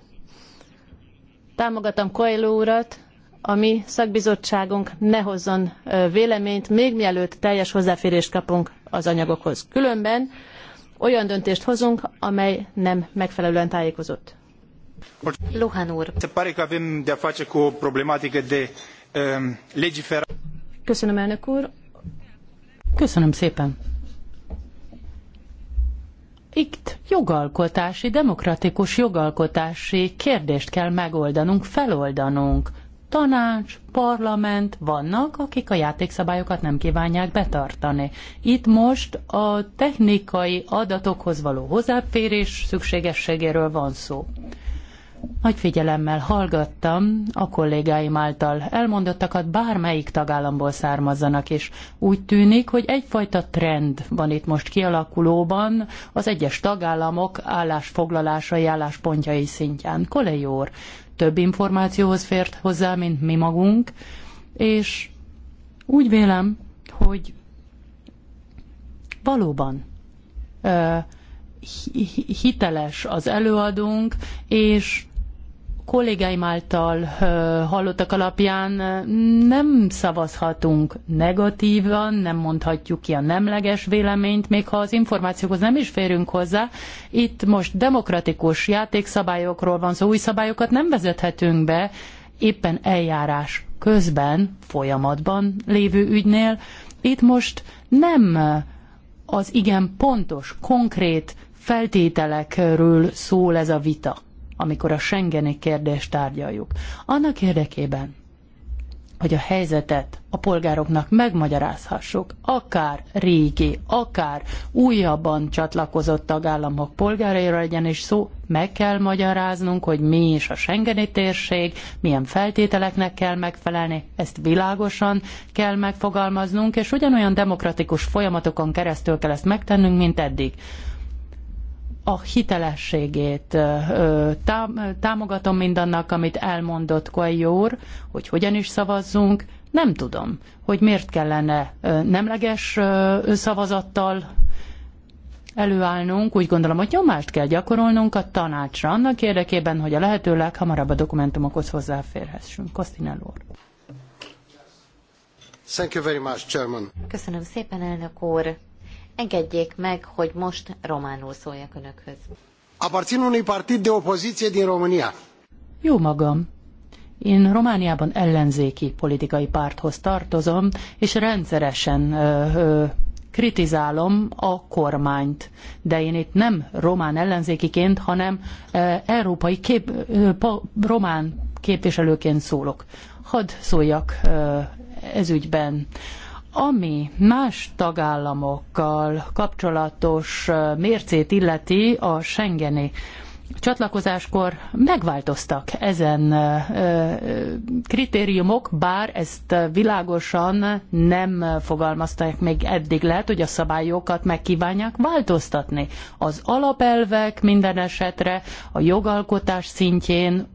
Támogatom Coelho urat, a mi szakbizottságunk ne hozzon véleményt, még mielőtt teljes hozzáférést kapunk az anyagokhoz. Különben olyan döntést hozunk, amely nem megfelelően tájékozott. Luhan úr. de-a ehm, Köszönöm, elnök úr. Köszönöm szépen. Itt jogalkotási, demokratikus jogalkotási kérdést kell megoldanunk, feloldanunk tanács, parlament vannak, akik a játékszabályokat nem kívánják betartani. Itt most a technikai adatokhoz való hozzáférés szükségességéről van szó. Nagy figyelemmel hallgattam a kollégáim által elmondottakat, bármelyik tagállamból származzanak, és úgy tűnik, hogy egyfajta trend van itt most kialakulóban az egyes tagállamok állásfoglalásai, álláspontjai szintján. Kolejór, több információhoz fért hozzá, mint mi magunk, és úgy vélem, hogy valóban hiteles az előadónk, és kollégáim által hallottak alapján nem szavazhatunk negatívan, nem mondhatjuk ki a nemleges véleményt, még ha az információkhoz nem is férünk hozzá. Itt most demokratikus játékszabályokról van szó, új szabályokat nem vezethetünk be, éppen eljárás közben, folyamatban lévő ügynél. Itt most nem az igen pontos, konkrét feltételekről szól ez a vita amikor a Schengeni kérdést tárgyaljuk. Annak érdekében, hogy a helyzetet a polgároknak megmagyarázhassuk, akár régi, akár újabban csatlakozott tagállamok polgáraira legyen is szó, meg kell magyaráznunk, hogy mi is a Schengeni térség, milyen feltételeknek kell megfelelni, ezt világosan kell megfogalmaznunk, és ugyanolyan demokratikus folyamatokon keresztül kell ezt megtennünk, mint eddig a hitelességét támogatom mindannak, amit elmondott Koelyó úr, hogy hogyan is szavazzunk. Nem tudom, hogy miért kellene nemleges szavazattal előállnunk. Úgy gondolom, hogy nyomást kell gyakorolnunk a tanácsra annak érdekében, hogy a lehető leghamarabb a dokumentumokhoz hozzáférhessünk. Kostinel úr. Thank you very much, Chairman. Köszönöm szépen, elnök úr. Engedjék meg, hogy most románul szóljak önökhöz. A unui partit de opoziție din Románia. Jó magam. Én Romániában ellenzéki politikai párthoz tartozom, és rendszeresen ö, ö, kritizálom a kormányt. De én itt nem román ellenzékiként, hanem e, európai kép, román képviselőként szólok. Hadd szóljak ez ezügyben. ügyben ami más tagállamokkal kapcsolatos mércét illeti a Schengeni csatlakozáskor megváltoztak ezen kritériumok, bár ezt világosan nem fogalmazták még eddig. Lehet, hogy a szabályokat megkívánják változtatni. Az alapelvek minden esetre a jogalkotás szintjén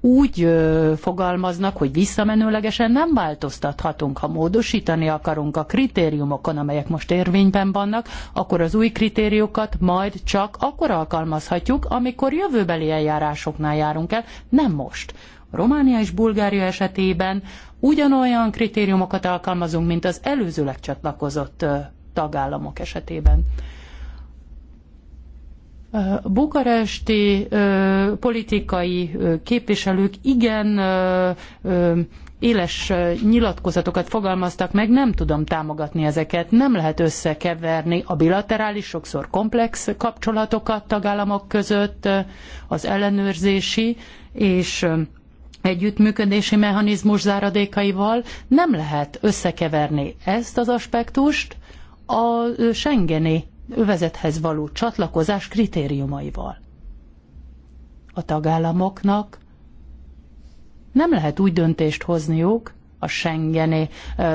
úgy fogalmaznak, hogy visszamenőlegesen nem változtathatunk. Ha módosítani akarunk a kritériumokon, amelyek most érvényben vannak, akkor az új kritériumokat majd csak akkor alkalmazhatjuk, akkor, amikor jövőbeli eljárásoknál járunk el, nem most. Románia és Bulgária esetében ugyanolyan kritériumokat alkalmazunk, mint az előzőleg csatlakozott tagállamok esetében. Bukaresti politikai képviselők igen éles nyilatkozatokat fogalmaztak meg, nem tudom támogatni ezeket. Nem lehet összekeverni a bilaterális, sokszor komplex kapcsolatokat tagállamok között, az ellenőrzési és együttműködési mechanizmus záradékaival. Nem lehet összekeverni ezt az aspektust a Schengeni övezethez való csatlakozás kritériumaival. A tagállamoknak nem lehet úgy döntést hozniuk a Schengeni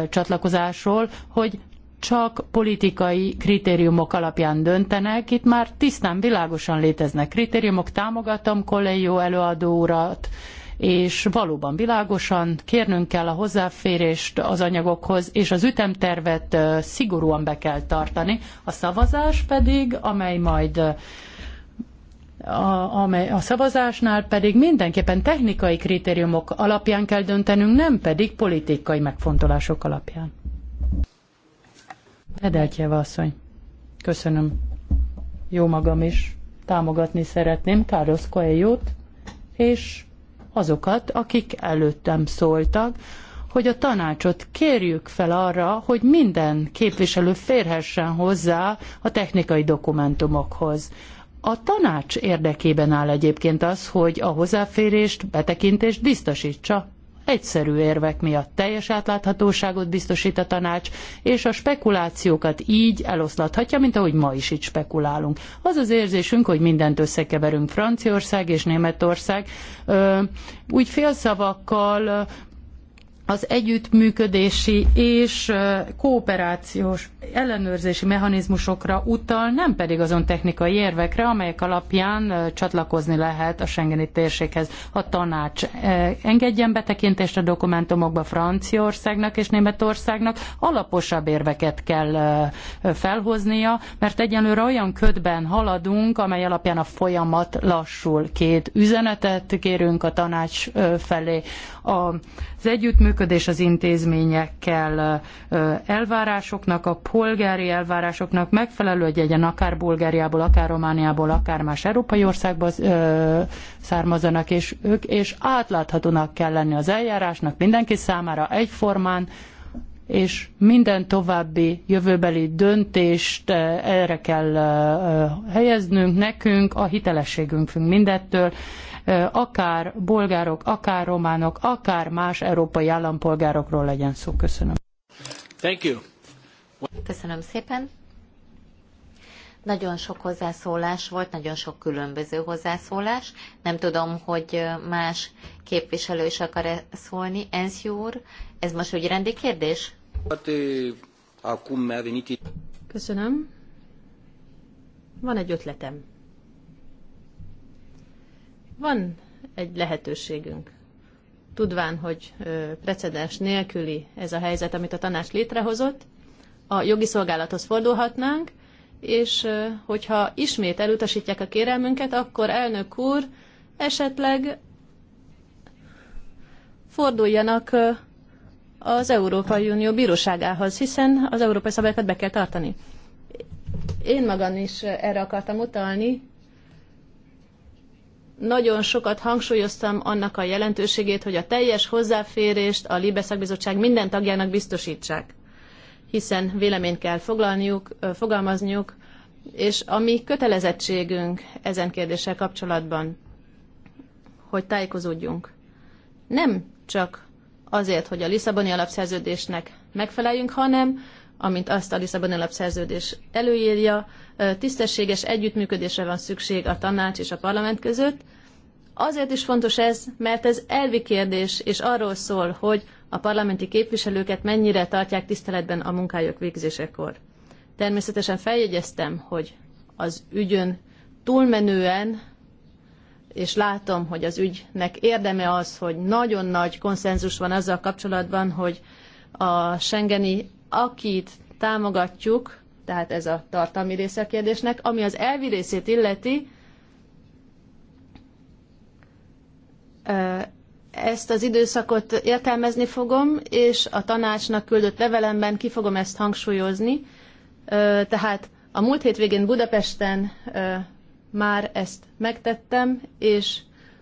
csatlakozásról, hogy csak politikai kritériumok alapján döntenek, itt már tisztán, világosan léteznek kritériumok. Támogatom kollégió előadó urat, és valóban világosan kérnünk kell a hozzáférést az anyagokhoz, és az ütemtervet szigorúan be kell tartani. A szavazás pedig, amely majd a, amely a szavazásnál pedig mindenképpen technikai kritériumok alapján kell döntenünk, nem pedig politikai megfontolások alapján. Edeltjeva asszony, köszönöm. Jó magam is. Támogatni szeretném Carlos coelho és azokat, akik előttem szóltak, hogy a tanácsot kérjük fel arra, hogy minden képviselő férhessen hozzá a technikai dokumentumokhoz a tanács érdekében áll egyébként az, hogy a hozzáférést, betekintést biztosítsa egyszerű érvek miatt teljes átláthatóságot biztosít a tanács, és a spekulációkat így eloszlathatja, mint ahogy ma is itt spekulálunk. Az az érzésünk, hogy mindent összekeverünk Franciaország és Németország, úgy félszavakkal az együttműködési és kooperációs ellenőrzési mechanizmusokra utal, nem pedig azon technikai érvekre, amelyek alapján csatlakozni lehet a Schengeni térséghez. A tanács engedjen betekintést a dokumentumokba Franciaországnak és Németországnak, alaposabb érveket kell felhoznia, mert egyenlőre olyan ködben haladunk, amely alapján a folyamat lassul. Két üzenetet kérünk a tanács felé az együttműködés az intézményekkel elvárásoknak, a polgári elvárásoknak megfelelő, hogy legyen akár Bulgáriából, akár Romániából, akár más európai országból származanak, és ők, és átláthatónak kell lenni az eljárásnak mindenki számára egyformán, és minden további jövőbeli döntést erre kell helyeznünk nekünk, a hitelességünk függ mindettől, akár bolgárok, akár románok, akár más európai állampolgárokról legyen szó. Köszönöm. Thank you. Köszönöm szépen. Nagyon sok hozzászólás volt, nagyon sok különböző hozzászólás. Nem tudom, hogy más képviselő is akar -e szólni. Enzsi úr, ez most úgy rendi kérdés? Köszönöm. Van egy ötletem. Van egy lehetőségünk. Tudván, hogy precedens nélküli ez a helyzet, amit a tanács létrehozott, a jogi szolgálathoz fordulhatnánk, és hogyha ismét elutasítják a kérelmünket, akkor elnök úr esetleg forduljanak az Európai Unió bíróságához, hiszen az európai szabályokat be kell tartani. Én magam is erre akartam utalni, nagyon sokat hangsúlyoztam annak a jelentőségét, hogy a teljes hozzáférést a Libe szakbizottság minden tagjának biztosítsák, hiszen véleményt kell foglalniuk, fogalmazniuk, és a mi kötelezettségünk ezen kérdéssel kapcsolatban, hogy tájékozódjunk. Nem csak azért, hogy a Lisszaboni alapszerződésnek megfeleljünk, hanem amint azt a Lisszabon alapszerződés előírja. Tisztességes együttműködésre van szükség a tanács és a parlament között. Azért is fontos ez, mert ez elvi kérdés, és arról szól, hogy a parlamenti képviselőket mennyire tartják tiszteletben a munkájuk végzésekor. Természetesen feljegyeztem, hogy az ügyön túlmenően, és látom, hogy az ügynek érdeme az, hogy nagyon nagy konszenzus van azzal kapcsolatban, hogy a Schengeni akit támogatjuk, tehát ez a tartalmi része a kérdésnek, ami az elvi részét illeti, ezt az időszakot értelmezni fogom, és a tanácsnak küldött levelemben ki fogom ezt hangsúlyozni. Tehát a múlt hétvégén Budapesten már ezt megtettem, és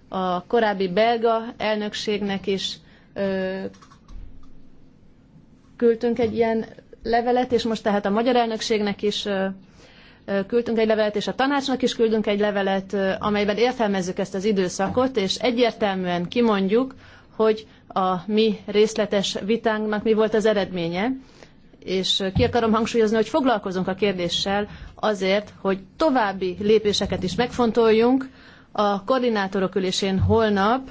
a korábbi belga elnökségnek is küldtünk egy ilyen levelet, és most tehát a magyar elnökségnek is küldtünk egy levelet, és a tanácsnak is küldünk egy levelet, amelyben értelmezzük ezt az időszakot, és egyértelműen kimondjuk, hogy a mi részletes vitánknak mi volt az eredménye, és ki akarom hangsúlyozni, hogy foglalkozunk a kérdéssel azért, hogy további lépéseket is megfontoljunk. A koordinátorok ülésén holnap,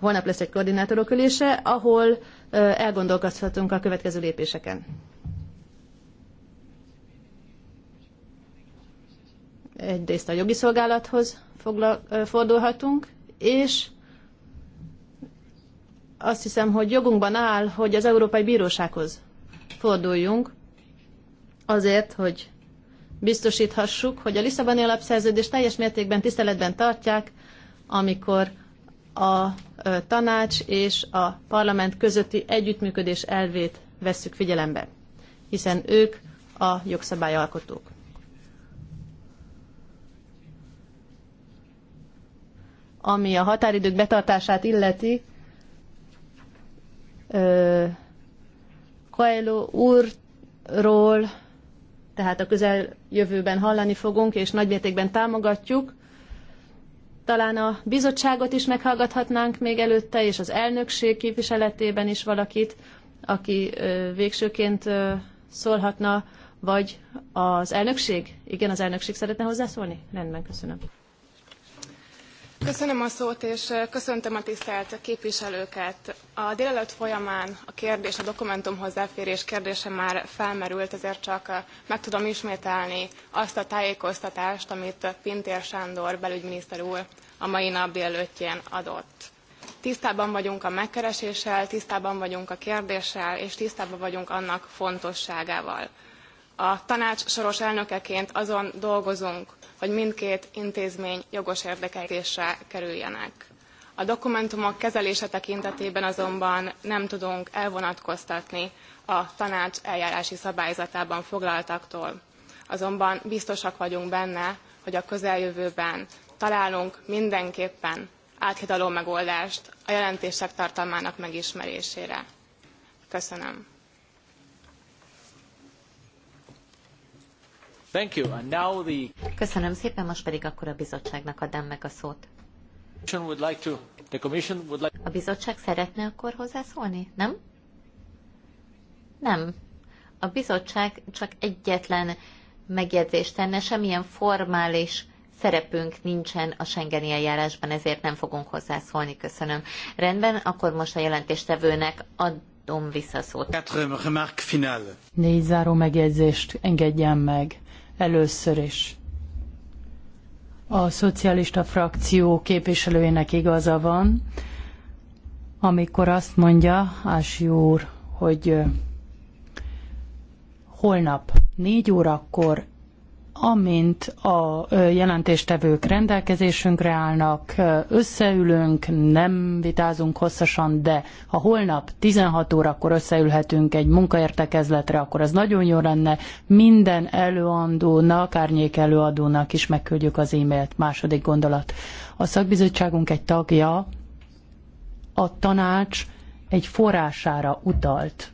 holnap lesz egy koordinátorok ülése, ahol elgondolkozhatunk a következő lépéseken. Egyrészt a jogi szolgálathoz fordulhatunk, és azt hiszem, hogy jogunkban áll, hogy az Európai Bírósághoz forduljunk azért, hogy biztosíthassuk, hogy a Lisszaboni alapszerződést teljes mértékben tiszteletben tartják, amikor a tanács és a parlament közötti együttműködés elvét vesszük figyelembe, hiszen ők a jogszabályalkotók. Ami a határidők betartását illeti, Coelho úrról, tehát a közeljövőben hallani fogunk, és nagymértékben támogatjuk, talán a bizottságot is meghallgathatnánk még előtte, és az elnökség képviseletében is valakit, aki végsőként szólhatna, vagy az elnökség? Igen, az elnökség szeretne hozzászólni? Rendben, köszönöm. Köszönöm a szót, és köszöntöm a tisztelt képviselőket. A délelőtt folyamán a kérdés, a dokumentum hozzáférés kérdése már felmerült, ezért csak meg tudom ismételni azt a tájékoztatást, amit Pintér Sándor belügyminiszter úr a mai nap délelőttjén adott. Tisztában vagyunk a megkereséssel, tisztában vagyunk a kérdéssel, és tisztában vagyunk annak fontosságával. A tanács soros elnökeként azon dolgozunk, hogy mindkét intézmény jogos érdekelésre kerüljenek. A dokumentumok kezelése tekintetében azonban nem tudunk elvonatkoztatni a tanács eljárási szabályzatában foglaltaktól. Azonban biztosak vagyunk benne, hogy a közeljövőben találunk mindenképpen áthidaló megoldást a jelentések tartalmának megismerésére. Köszönöm. Thank you. And now the... Köszönöm szépen, most pedig akkor a bizottságnak adám meg a szót. A bizottság szeretne akkor hozzászólni, nem? Nem. A bizottság csak egyetlen megjegyzést tenne, semmilyen formális szerepünk nincsen a Schengeni eljárásban, ezért nem fogunk hozzászólni. Köszönöm. Rendben, akkor most a jelentéstevőnek adom vissza szót. Négy záró megjegyzést engedjen meg. Először is a szocialista frakció képviselőjének igaza van, amikor azt mondja Ási úr, hogy holnap négy órakor amint a jelentéstevők rendelkezésünkre állnak, összeülünk, nem vitázunk hosszasan, de ha holnap 16 órakor összeülhetünk egy munkaértekezletre, akkor az nagyon jó lenne. Minden előadónak, árnyék előadónak is megküldjük az e-mailt. Második gondolat. A szakbizottságunk egy tagja, a tanács egy forrására utalt.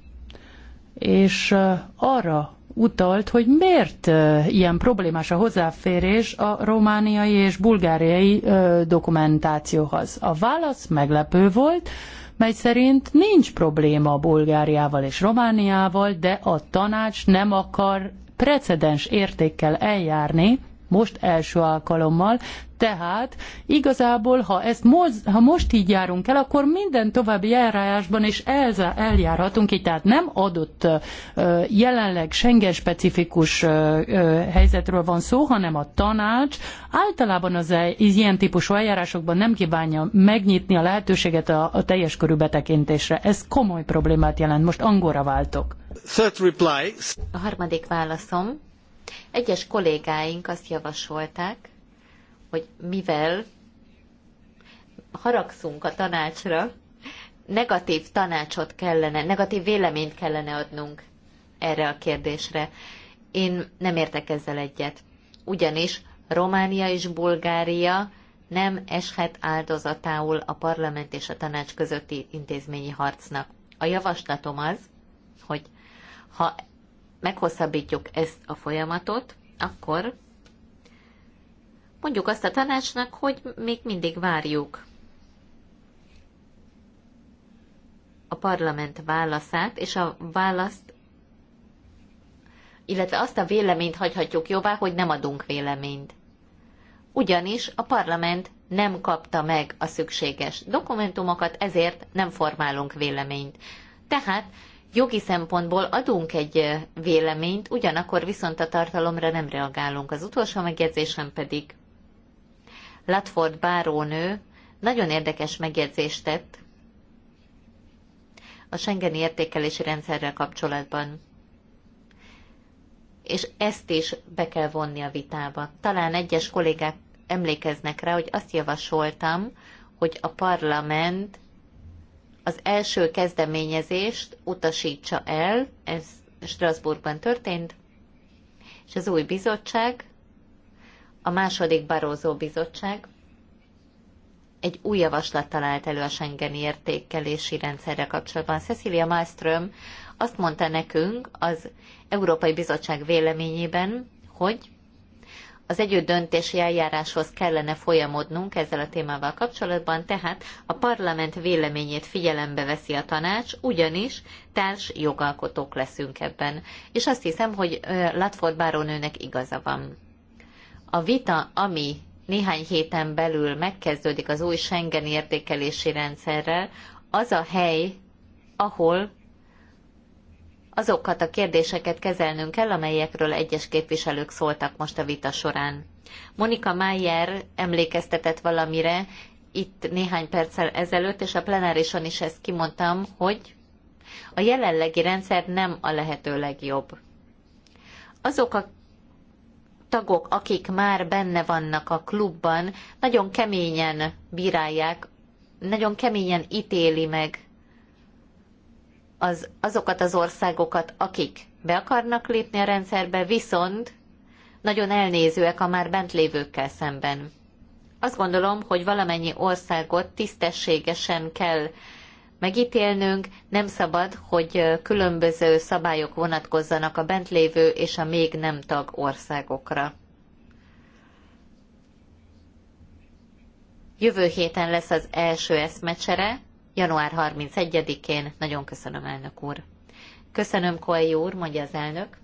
És arra utalt, hogy miért ilyen problémás a hozzáférés a romániai és bulgáriai dokumentációhoz. A válasz meglepő volt, mely szerint nincs probléma Bulgáriával és Romániával, de a tanács nem akar precedens értékkel eljárni, most első alkalommal, tehát igazából, ha, ezt moz, ha most így járunk el, akkor minden további eljárásban is el eljárhatunk így, tehát nem adott jelenleg Schengen specifikus helyzetről van szó, hanem a tanács általában az ilyen típusú eljárásokban nem kívánja megnyitni a lehetőséget a, a teljes körű betekintésre. Ez komoly problémát jelent. Most angolra váltok. A harmadik válaszom egyes kollégáink azt javasolták, hogy mivel haragszunk a tanácsra, negatív tanácsot kellene, negatív véleményt kellene adnunk erre a kérdésre. Én nem értek ezzel egyet. Ugyanis Románia és Bulgária nem eshet áldozatául a parlament és a tanács közötti intézményi harcnak. A javaslatom az, hogy ha meghosszabbítjuk ezt a folyamatot, akkor mondjuk azt a tanácsnak, hogy még mindig várjuk a parlament válaszát, és a választ, illetve azt a véleményt hagyhatjuk jóvá, hogy nem adunk véleményt. Ugyanis a parlament nem kapta meg a szükséges dokumentumokat, ezért nem formálunk véleményt. Tehát jogi szempontból adunk egy véleményt, ugyanakkor viszont a tartalomra nem reagálunk. Az utolsó megjegyzésem pedig Latford bárónő nagyon érdekes megjegyzést tett a Schengeni értékelési rendszerrel kapcsolatban. És ezt is be kell vonni a vitába. Talán egyes kollégák emlékeznek rá, hogy azt javasoltam, hogy a parlament az első kezdeményezést utasítsa el, ez Strasbourgban történt, és az új bizottság, a második Barózó bizottság egy új javaslat talált elő a Schengeni értékelési rendszerre kapcsolatban. Cecilia Malmström azt mondta nekünk az Európai Bizottság véleményében, hogy az együtt döntési eljáráshoz kellene folyamodnunk ezzel a témával kapcsolatban, tehát a parlament véleményét figyelembe veszi a tanács, ugyanis társ jogalkotók leszünk ebben. És azt hiszem, hogy Latford Bárónőnek igaza van. A vita, ami néhány héten belül megkezdődik az új Schengen értékelési rendszerrel, az a hely, ahol azokat a kérdéseket kezelnünk kell, amelyekről egyes képviselők szóltak most a vita során. Monika Mayer emlékeztetett valamire itt néhány perccel ezelőtt, és a plenárison is ezt kimondtam, hogy a jelenlegi rendszer nem a lehető legjobb. Azok a tagok, akik már benne vannak a klubban, nagyon keményen bírálják, nagyon keményen ítéli meg az, azokat az országokat, akik be akarnak lépni a rendszerbe, viszont nagyon elnézőek a már bent lévőkkel szemben. Azt gondolom, hogy valamennyi országot tisztességesen kell megítélnünk, nem szabad, hogy különböző szabályok vonatkozzanak a bentlévő és a még nem tag országokra. Jövő héten lesz az első eszmecsere, január 31-én. Nagyon köszönöm, elnök úr. Köszönöm, Koei úr, mondja az elnök.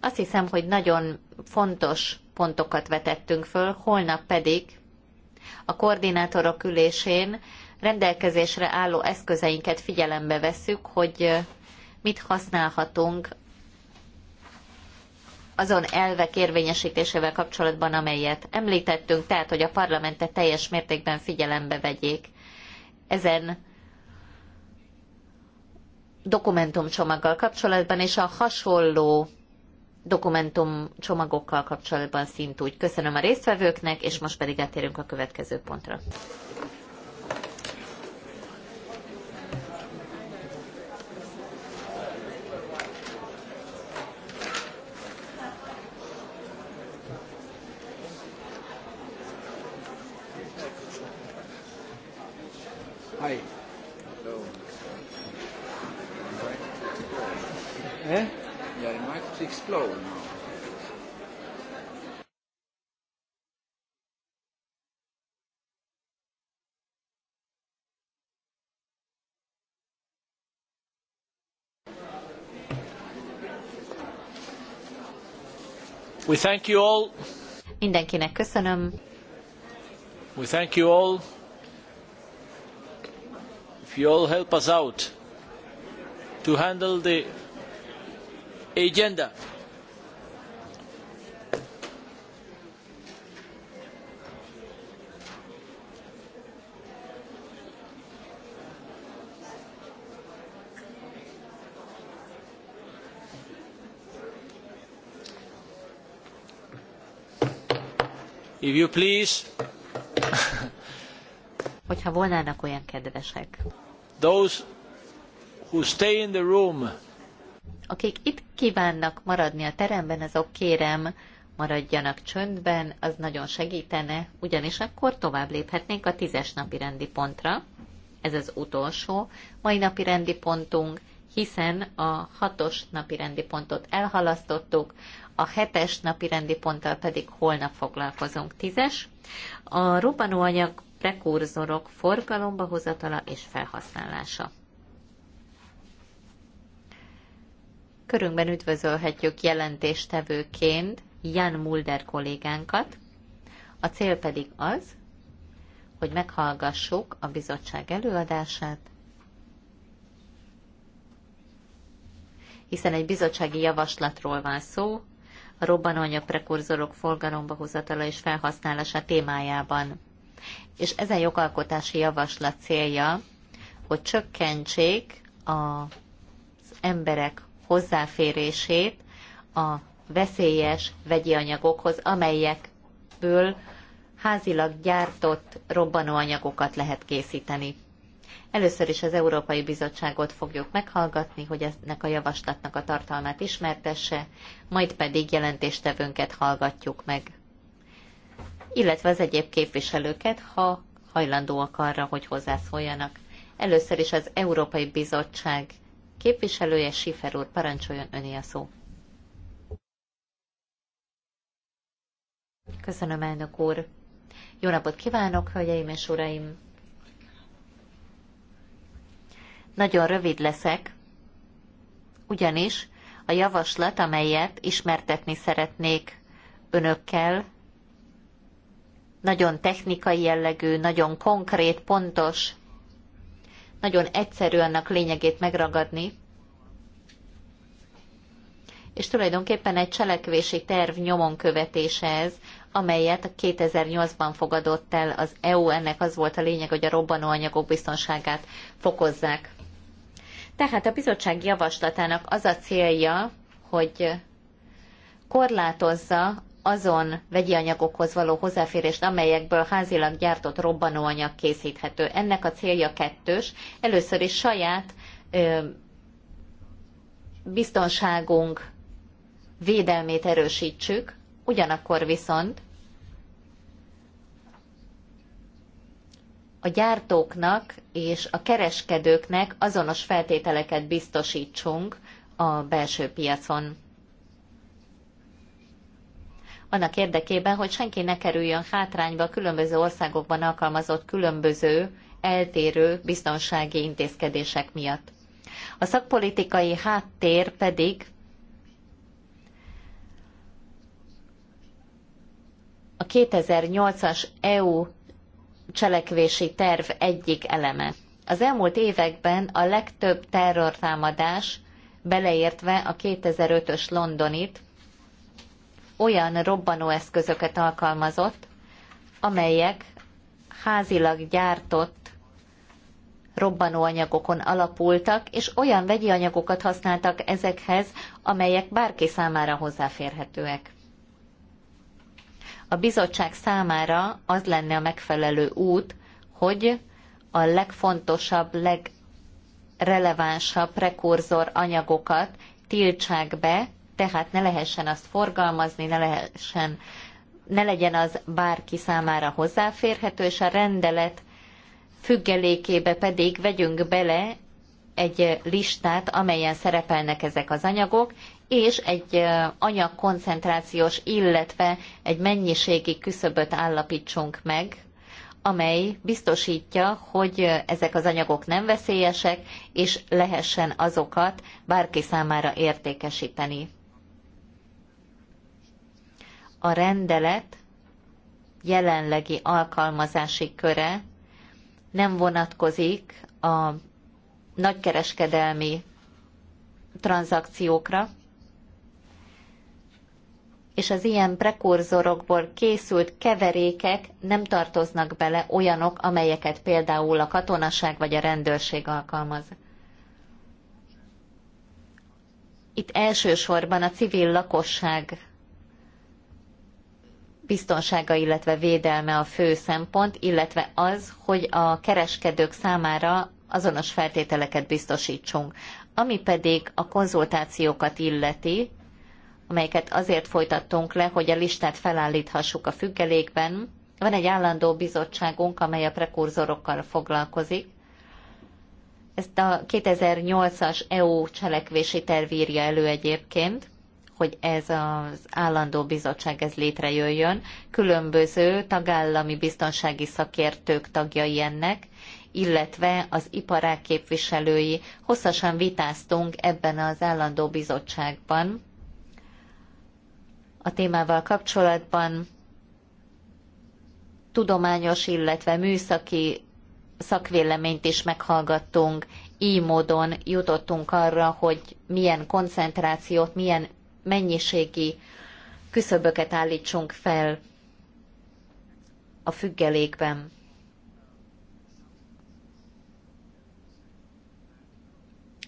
Azt hiszem, hogy nagyon fontos pontokat vetettünk föl, holnap pedig a koordinátorok ülésén rendelkezésre álló eszközeinket figyelembe vesszük, hogy mit használhatunk azon elvek érvényesítésével kapcsolatban, amelyet említettünk, tehát hogy a parlamentet teljes mértékben figyelembe vegyék ezen dokumentumcsomaggal kapcsolatban, és a hasonló dokumentumcsomagokkal kapcsolatban szintúgy. Köszönöm a résztvevőknek, és most pedig átérünk a következő pontra. We thank you all. Mindenkinek köszönöm. We thank you all. If you all help us out to handle the agenda. If you please. Hogyha volnának olyan kedvesek. Those who stay in the room. Akik itt kívánnak maradni a teremben, azok kérem, maradjanak csöndben, az nagyon segítene, ugyanis akkor tovább léphetnénk a tízes napi rendi pontra. Ez az utolsó mai napi rendi pontunk, hiszen a hatos napi rendi pontot elhalasztottuk, a hetes napi rendi ponttal pedig holnap foglalkozunk. Tízes, a robbanóanyag prekurzorok forgalomba hozatala és felhasználása. Körünkben üdvözölhetjük jelentéstevőként Jan Mulder kollégánkat. A cél pedig az, hogy meghallgassuk a bizottság előadását, hiszen egy bizottsági javaslatról van szó, a robbanóanyag prekurzorok forgalomba hozatala és felhasználása témájában. És ezen jogalkotási javaslat célja, hogy csökkentsék az emberek hozzáférését a veszélyes vegyi anyagokhoz, amelyekből házilag gyártott robbanóanyagokat lehet készíteni. Először is az Európai Bizottságot fogjuk meghallgatni, hogy ennek a javaslatnak a tartalmát ismertesse, majd pedig jelentéstevőnket hallgatjuk meg. Illetve az egyéb képviselőket, ha hajlandóak arra, hogy hozzászóljanak. Először is az Európai Bizottság képviselője, Sifer úr, parancsoljon öné a szó. Köszönöm, elnök úr! Jó napot kívánok, hölgyeim és uraim! Nagyon rövid leszek, ugyanis a javaslat, amelyet ismertetni szeretnék önökkel, nagyon technikai jellegű, nagyon konkrét, pontos, nagyon egyszerű annak lényegét megragadni, és tulajdonképpen egy cselekvési terv nyomon követése ez, amelyet 2008-ban fogadott el az EU, ennek az volt a lényeg, hogy a robbanóanyagok biztonságát fokozzák. Tehát a bizottság javaslatának az a célja, hogy korlátozza azon vegyi anyagokhoz való hozzáférést, amelyekből házilag gyártott robbanóanyag készíthető. Ennek a célja kettős. Először is saját ö, biztonságunk védelmét erősítsük, ugyanakkor viszont a gyártóknak és a kereskedőknek azonos feltételeket biztosítsunk a belső piacon. Annak érdekében, hogy senki ne kerüljön hátrányba a különböző országokban alkalmazott különböző, eltérő biztonsági intézkedések miatt. A szakpolitikai háttér pedig a 2008-as EU cselekvési terv egyik eleme. Az elmúlt években a legtöbb terrortámadás, beleértve a 2005-ös Londonit, olyan robbanóeszközöket alkalmazott, amelyek házilag gyártott robbanóanyagokon alapultak, és olyan vegyi anyagokat használtak ezekhez, amelyek bárki számára hozzáférhetőek. A bizottság számára az lenne a megfelelő út, hogy a legfontosabb, legrelevánsabb prekurzor anyagokat tiltsák be, tehát ne lehessen azt forgalmazni, ne lehessen ne legyen az bárki számára hozzáférhető, és a rendelet függelékébe pedig vegyünk bele egy listát, amelyen szerepelnek ezek az anyagok, és egy anyagkoncentrációs, illetve egy mennyiségi küszöböt állapítsunk meg, amely biztosítja, hogy ezek az anyagok nem veszélyesek, és lehessen azokat bárki számára értékesíteni. A rendelet jelenlegi alkalmazási köre nem vonatkozik a nagykereskedelmi tranzakciókra, és az ilyen prekurzorokból készült keverékek nem tartoznak bele olyanok, amelyeket például a katonaság vagy a rendőrség alkalmaz. Itt elsősorban a civil lakosság biztonsága, illetve védelme a fő szempont, illetve az, hogy a kereskedők számára azonos feltételeket biztosítsunk. Ami pedig a konzultációkat illeti, amelyeket azért folytattunk le, hogy a listát felállíthassuk a függelékben. Van egy állandó bizottságunk, amely a prekurzorokkal foglalkozik. Ezt a 2008-as EU cselekvési terv írja elő egyébként, hogy ez az állandó bizottság ez létrejöjjön. Különböző tagállami biztonsági szakértők tagjai ennek, illetve az iparák képviselői. Hosszasan vitáztunk ebben az állandó bizottságban a témával kapcsolatban tudományos, illetve műszaki szakvéleményt is meghallgattunk, így módon jutottunk arra, hogy milyen koncentrációt, milyen mennyiségi küszöböket állítsunk fel a függelékben.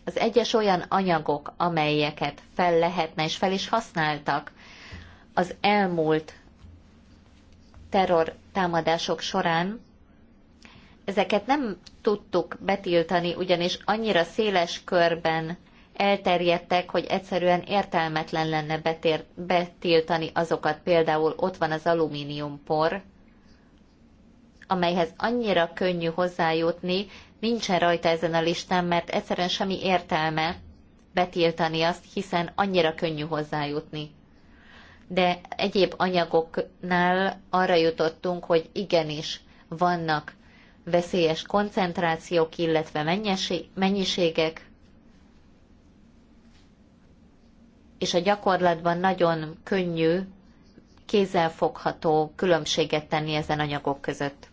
Az egyes olyan anyagok, amelyeket fel lehetne és fel is használtak az elmúlt terror támadások során ezeket nem tudtuk betiltani, ugyanis annyira széles körben elterjedtek, hogy egyszerűen értelmetlen lenne betér, betiltani azokat. Például ott van az alumíniumpor, amelyhez annyira könnyű hozzájutni, nincsen rajta ezen a listán, mert egyszerűen semmi értelme betiltani azt, hiszen annyira könnyű hozzájutni de egyéb anyagoknál arra jutottunk, hogy igenis vannak veszélyes koncentrációk, illetve mennyiségek, és a gyakorlatban nagyon könnyű, kézzelfogható különbséget tenni ezen anyagok között.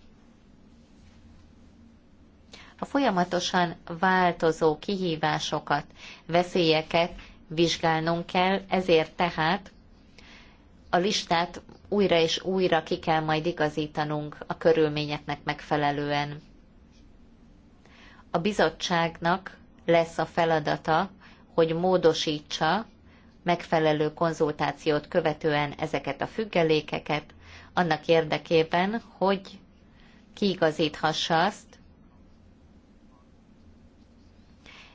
A folyamatosan változó kihívásokat, veszélyeket vizsgálnunk kell, ezért tehát a listát újra és újra ki kell majd igazítanunk a körülményeknek megfelelően. A bizottságnak lesz a feladata, hogy módosítsa megfelelő konzultációt követően ezeket a függelékeket, annak érdekében, hogy kiigazíthassa azt,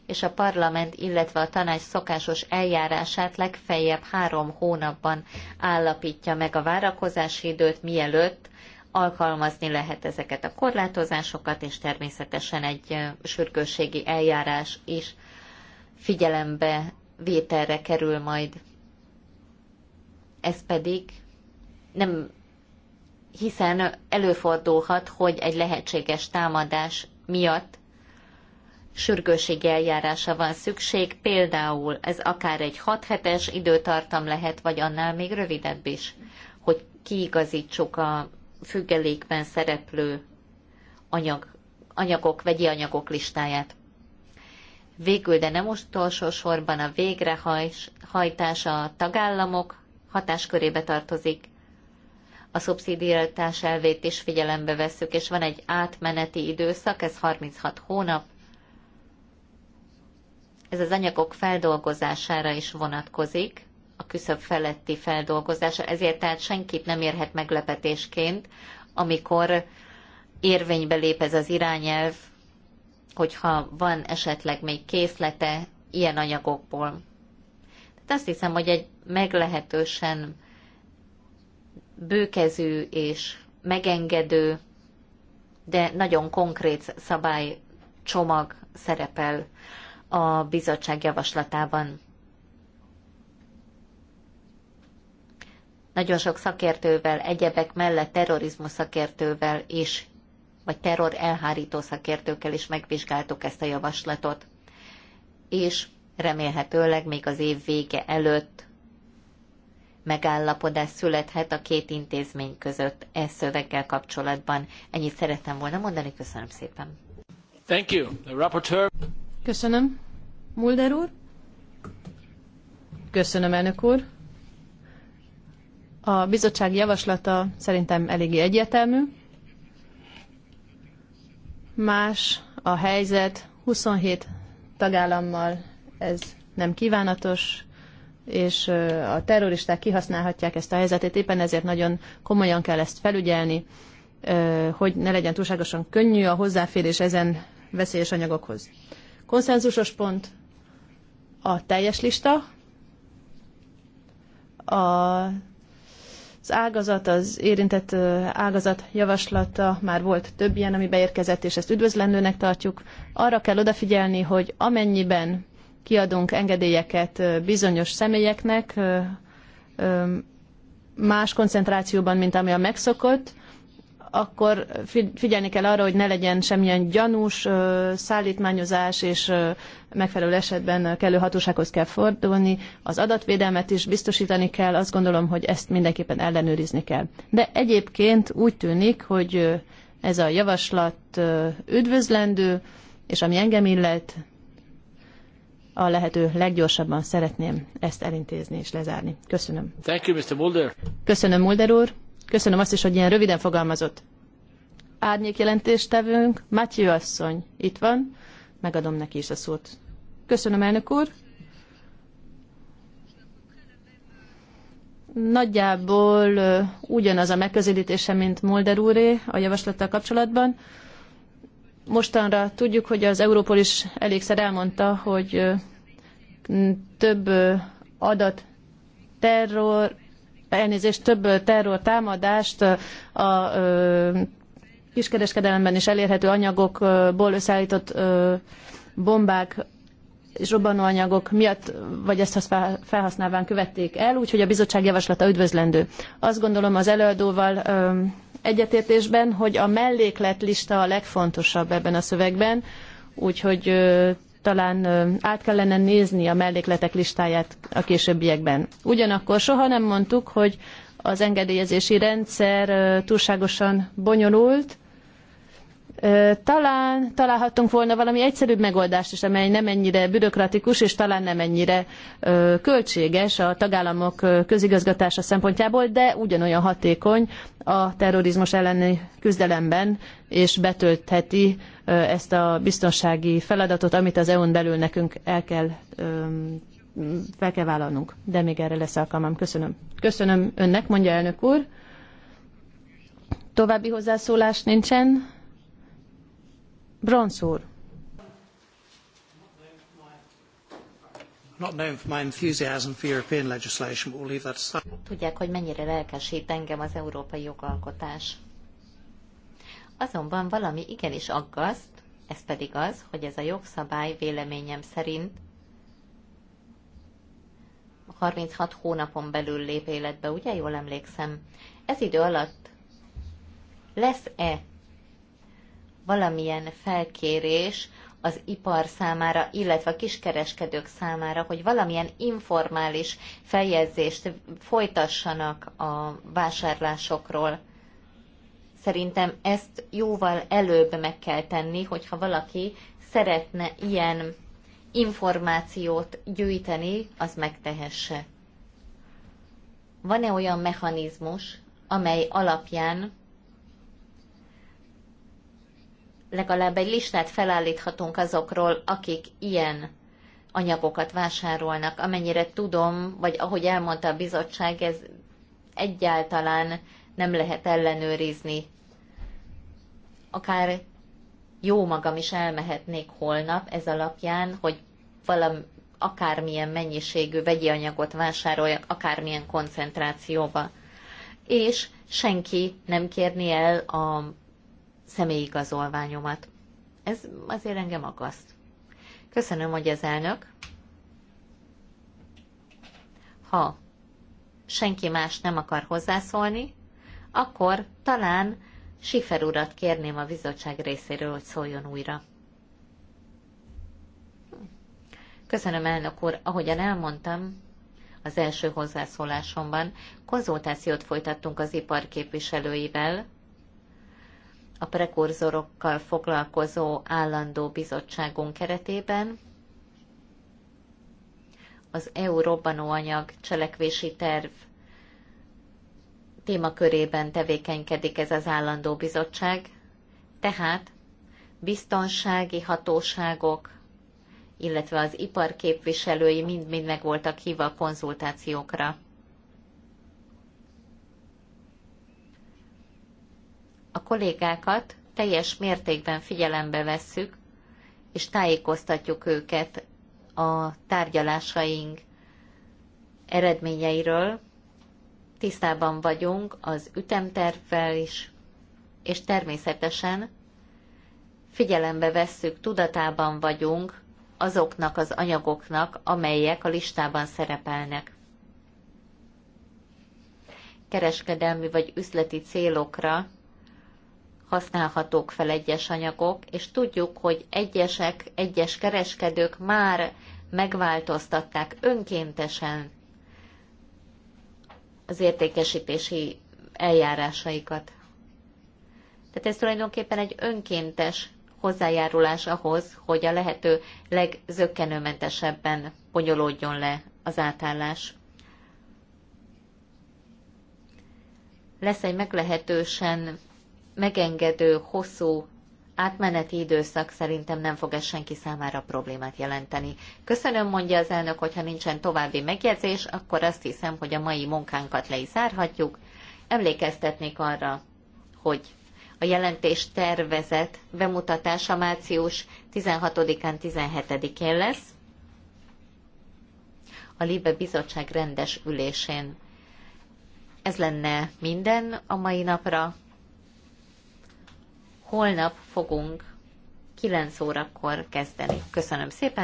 és a parlament, illetve a tanács szokásos eljárását legfeljebb három hónapban állapítja meg a várakozási időt, mielőtt alkalmazni lehet ezeket a korlátozásokat, és természetesen egy sürgősségi eljárás is figyelembe vételre kerül majd. Ez pedig nem, hiszen előfordulhat, hogy egy lehetséges támadás miatt sürgőségi eljárása van szükség, például ez akár egy 6 hetes időtartam lehet, vagy annál még rövidebb is, hogy kiigazítsuk a függelékben szereplő anyag, anyagok, vegyi anyagok listáját. Végül, de nem utolsó sorban a végrehajtás a tagállamok hatáskörébe tartozik. A szubszidiáltás elvét is figyelembe vesszük, és van egy átmeneti időszak, ez 36 hónap, ez az anyagok feldolgozására is vonatkozik, a küszöb feletti feldolgozása, ezért tehát senkit nem érhet meglepetésként, amikor érvénybe lép ez az irányelv, hogyha van esetleg még készlete ilyen anyagokból. Tehát azt hiszem, hogy egy meglehetősen bőkezű és megengedő, de nagyon konkrét szabálycsomag szerepel a bizottság javaslatában. Nagyon sok szakértővel, egyebek mellett terrorizmus szakértővel is, vagy terror elhárító szakértőkkel is megvizsgáltuk ezt a javaslatot. És remélhetőleg még az év vége előtt megállapodás születhet a két intézmény között e szöveggel kapcsolatban. Ennyit szerettem volna mondani, köszönöm szépen. Thank you. The rapporteur... Köszönöm. Mulder úr? Köszönöm, elnök úr. A bizottság javaslata szerintem eléggé egyértelmű. Más a helyzet, 27 tagállammal ez nem kívánatos, és a terroristák kihasználhatják ezt a helyzetet, éppen ezért nagyon komolyan kell ezt felügyelni, hogy ne legyen túlságosan könnyű a hozzáférés ezen veszélyes anyagokhoz. Konszenzusos pont a teljes lista, a az ágazat, az érintett ágazat javaslata, már volt több ilyen, ami beérkezett, és ezt üdvözlendőnek tartjuk. Arra kell odafigyelni, hogy amennyiben kiadunk engedélyeket bizonyos személyeknek, más koncentrációban, mint ami a megszokott, akkor figyelni kell arra, hogy ne legyen semmilyen gyanús szállítmányozás, és megfelelő esetben kellő hatósághoz kell fordulni. Az adatvédelmet is biztosítani kell, azt gondolom, hogy ezt mindenképpen ellenőrizni kell. De egyébként úgy tűnik, hogy ez a javaslat üdvözlendő, és ami engem illet, a lehető leggyorsabban szeretném ezt elintézni és lezárni. Köszönöm. Thank you, Mr. Mulder. Köszönöm, Mulder úr. Köszönöm azt is, hogy ilyen röviden fogalmazott. Árnyék jelentéstevőnk, Matyi asszony, itt van, megadom neki is a szót. Köszönöm, elnök úr. Nagyjából ugyanaz a megközelítése, mint Molder úré a javaslattal kapcsolatban. Mostanra tudjuk, hogy az Európol is elégszer elmondta, hogy több adat terror, elnézést, több terror támadást a kiskereskedelemben is elérhető anyagokból összeállított bombák és robbanóanyagok miatt, vagy ezt felhasználván követték el, úgyhogy a bizottság javaslata üdvözlendő. Azt gondolom az előadóval egyetértésben, hogy a melléklet lista a legfontosabb ebben a szövegben, úgyhogy talán át kellene nézni a mellékletek listáját a későbbiekben. Ugyanakkor soha nem mondtuk, hogy az engedélyezési rendszer túlságosan bonyolult, talán találhattunk volna valami egyszerűbb megoldást is, amely nem ennyire bürokratikus, és talán nem ennyire költséges a tagállamok közigazgatása szempontjából, de ugyanolyan hatékony a terrorizmus elleni küzdelemben, és betöltheti ezt a biztonsági feladatot, amit az EU-n belül nekünk el kell fel kell vállalnunk. De még erre lesz alkalmam. Köszönöm. Köszönöm önnek, mondja elnök úr. További hozzászólás nincsen Bronz úr. Tudják, hogy mennyire lelkesít engem az európai jogalkotás. Azonban valami igenis aggaszt, ez pedig az, hogy ez a jogszabály véleményem szerint 36 hónapon belül lép életbe, ugye jól emlékszem? Ez idő alatt lesz-e valamilyen felkérés az ipar számára, illetve a kiskereskedők számára, hogy valamilyen informális feljegyzést folytassanak a vásárlásokról. Szerintem ezt jóval előbb meg kell tenni, hogyha valaki szeretne ilyen információt gyűjteni, az megtehesse. Van-e olyan mechanizmus, amely alapján legalább egy listát felállíthatunk azokról, akik ilyen anyagokat vásárolnak. Amennyire tudom, vagy ahogy elmondta a bizottság, ez egyáltalán nem lehet ellenőrizni. Akár jó magam is elmehetnék holnap ez alapján, hogy valami, akármilyen mennyiségű vegyi anyagot vásároljak, akármilyen koncentrációba. És senki nem kérni el a személyigazolványomat. Ez azért engem akaszt. Köszönöm, hogy az elnök. Ha senki más nem akar hozzászólni, akkor talán Sifer urat kérném a bizottság részéről, hogy szóljon újra. Köszönöm, elnök úr. Ahogyan elmondtam az első hozzászólásomban, konzultációt folytattunk az ipar képviselőivel, a prekurzorokkal foglalkozó állandó bizottságunk keretében az EU robbanóanyag cselekvési terv témakörében tevékenykedik ez az állandó bizottság, tehát biztonsági hatóságok, illetve az ipar képviselői mind-mind meg voltak hívva a konzultációkra. a kollégákat teljes mértékben figyelembe vesszük, és tájékoztatjuk őket a tárgyalásaink eredményeiről. Tisztában vagyunk az ütemtervvel is, és természetesen figyelembe vesszük, tudatában vagyunk azoknak az anyagoknak, amelyek a listában szerepelnek. Kereskedelmi vagy üzleti célokra használhatók fel egyes anyagok, és tudjuk, hogy egyesek, egyes kereskedők már megváltoztatták önkéntesen az értékesítési eljárásaikat. Tehát ez tulajdonképpen egy önkéntes hozzájárulás ahhoz, hogy a lehető legzökkenőmentesebben bonyolódjon le az átállás. Lesz egy meglehetősen megengedő, hosszú átmeneti időszak szerintem nem fog ez senki számára problémát jelenteni. Köszönöm, mondja az elnök, hogyha nincsen további megjegyzés, akkor azt hiszem, hogy a mai munkánkat le is zárhatjuk. Emlékeztetnék arra, hogy a jelentés tervezet bemutatása március 16-án, 17-én lesz. A Libe Bizottság rendes ülésén. Ez lenne minden a mai napra holnap fogunk 9 órakor kezdeni. Köszönöm szépen!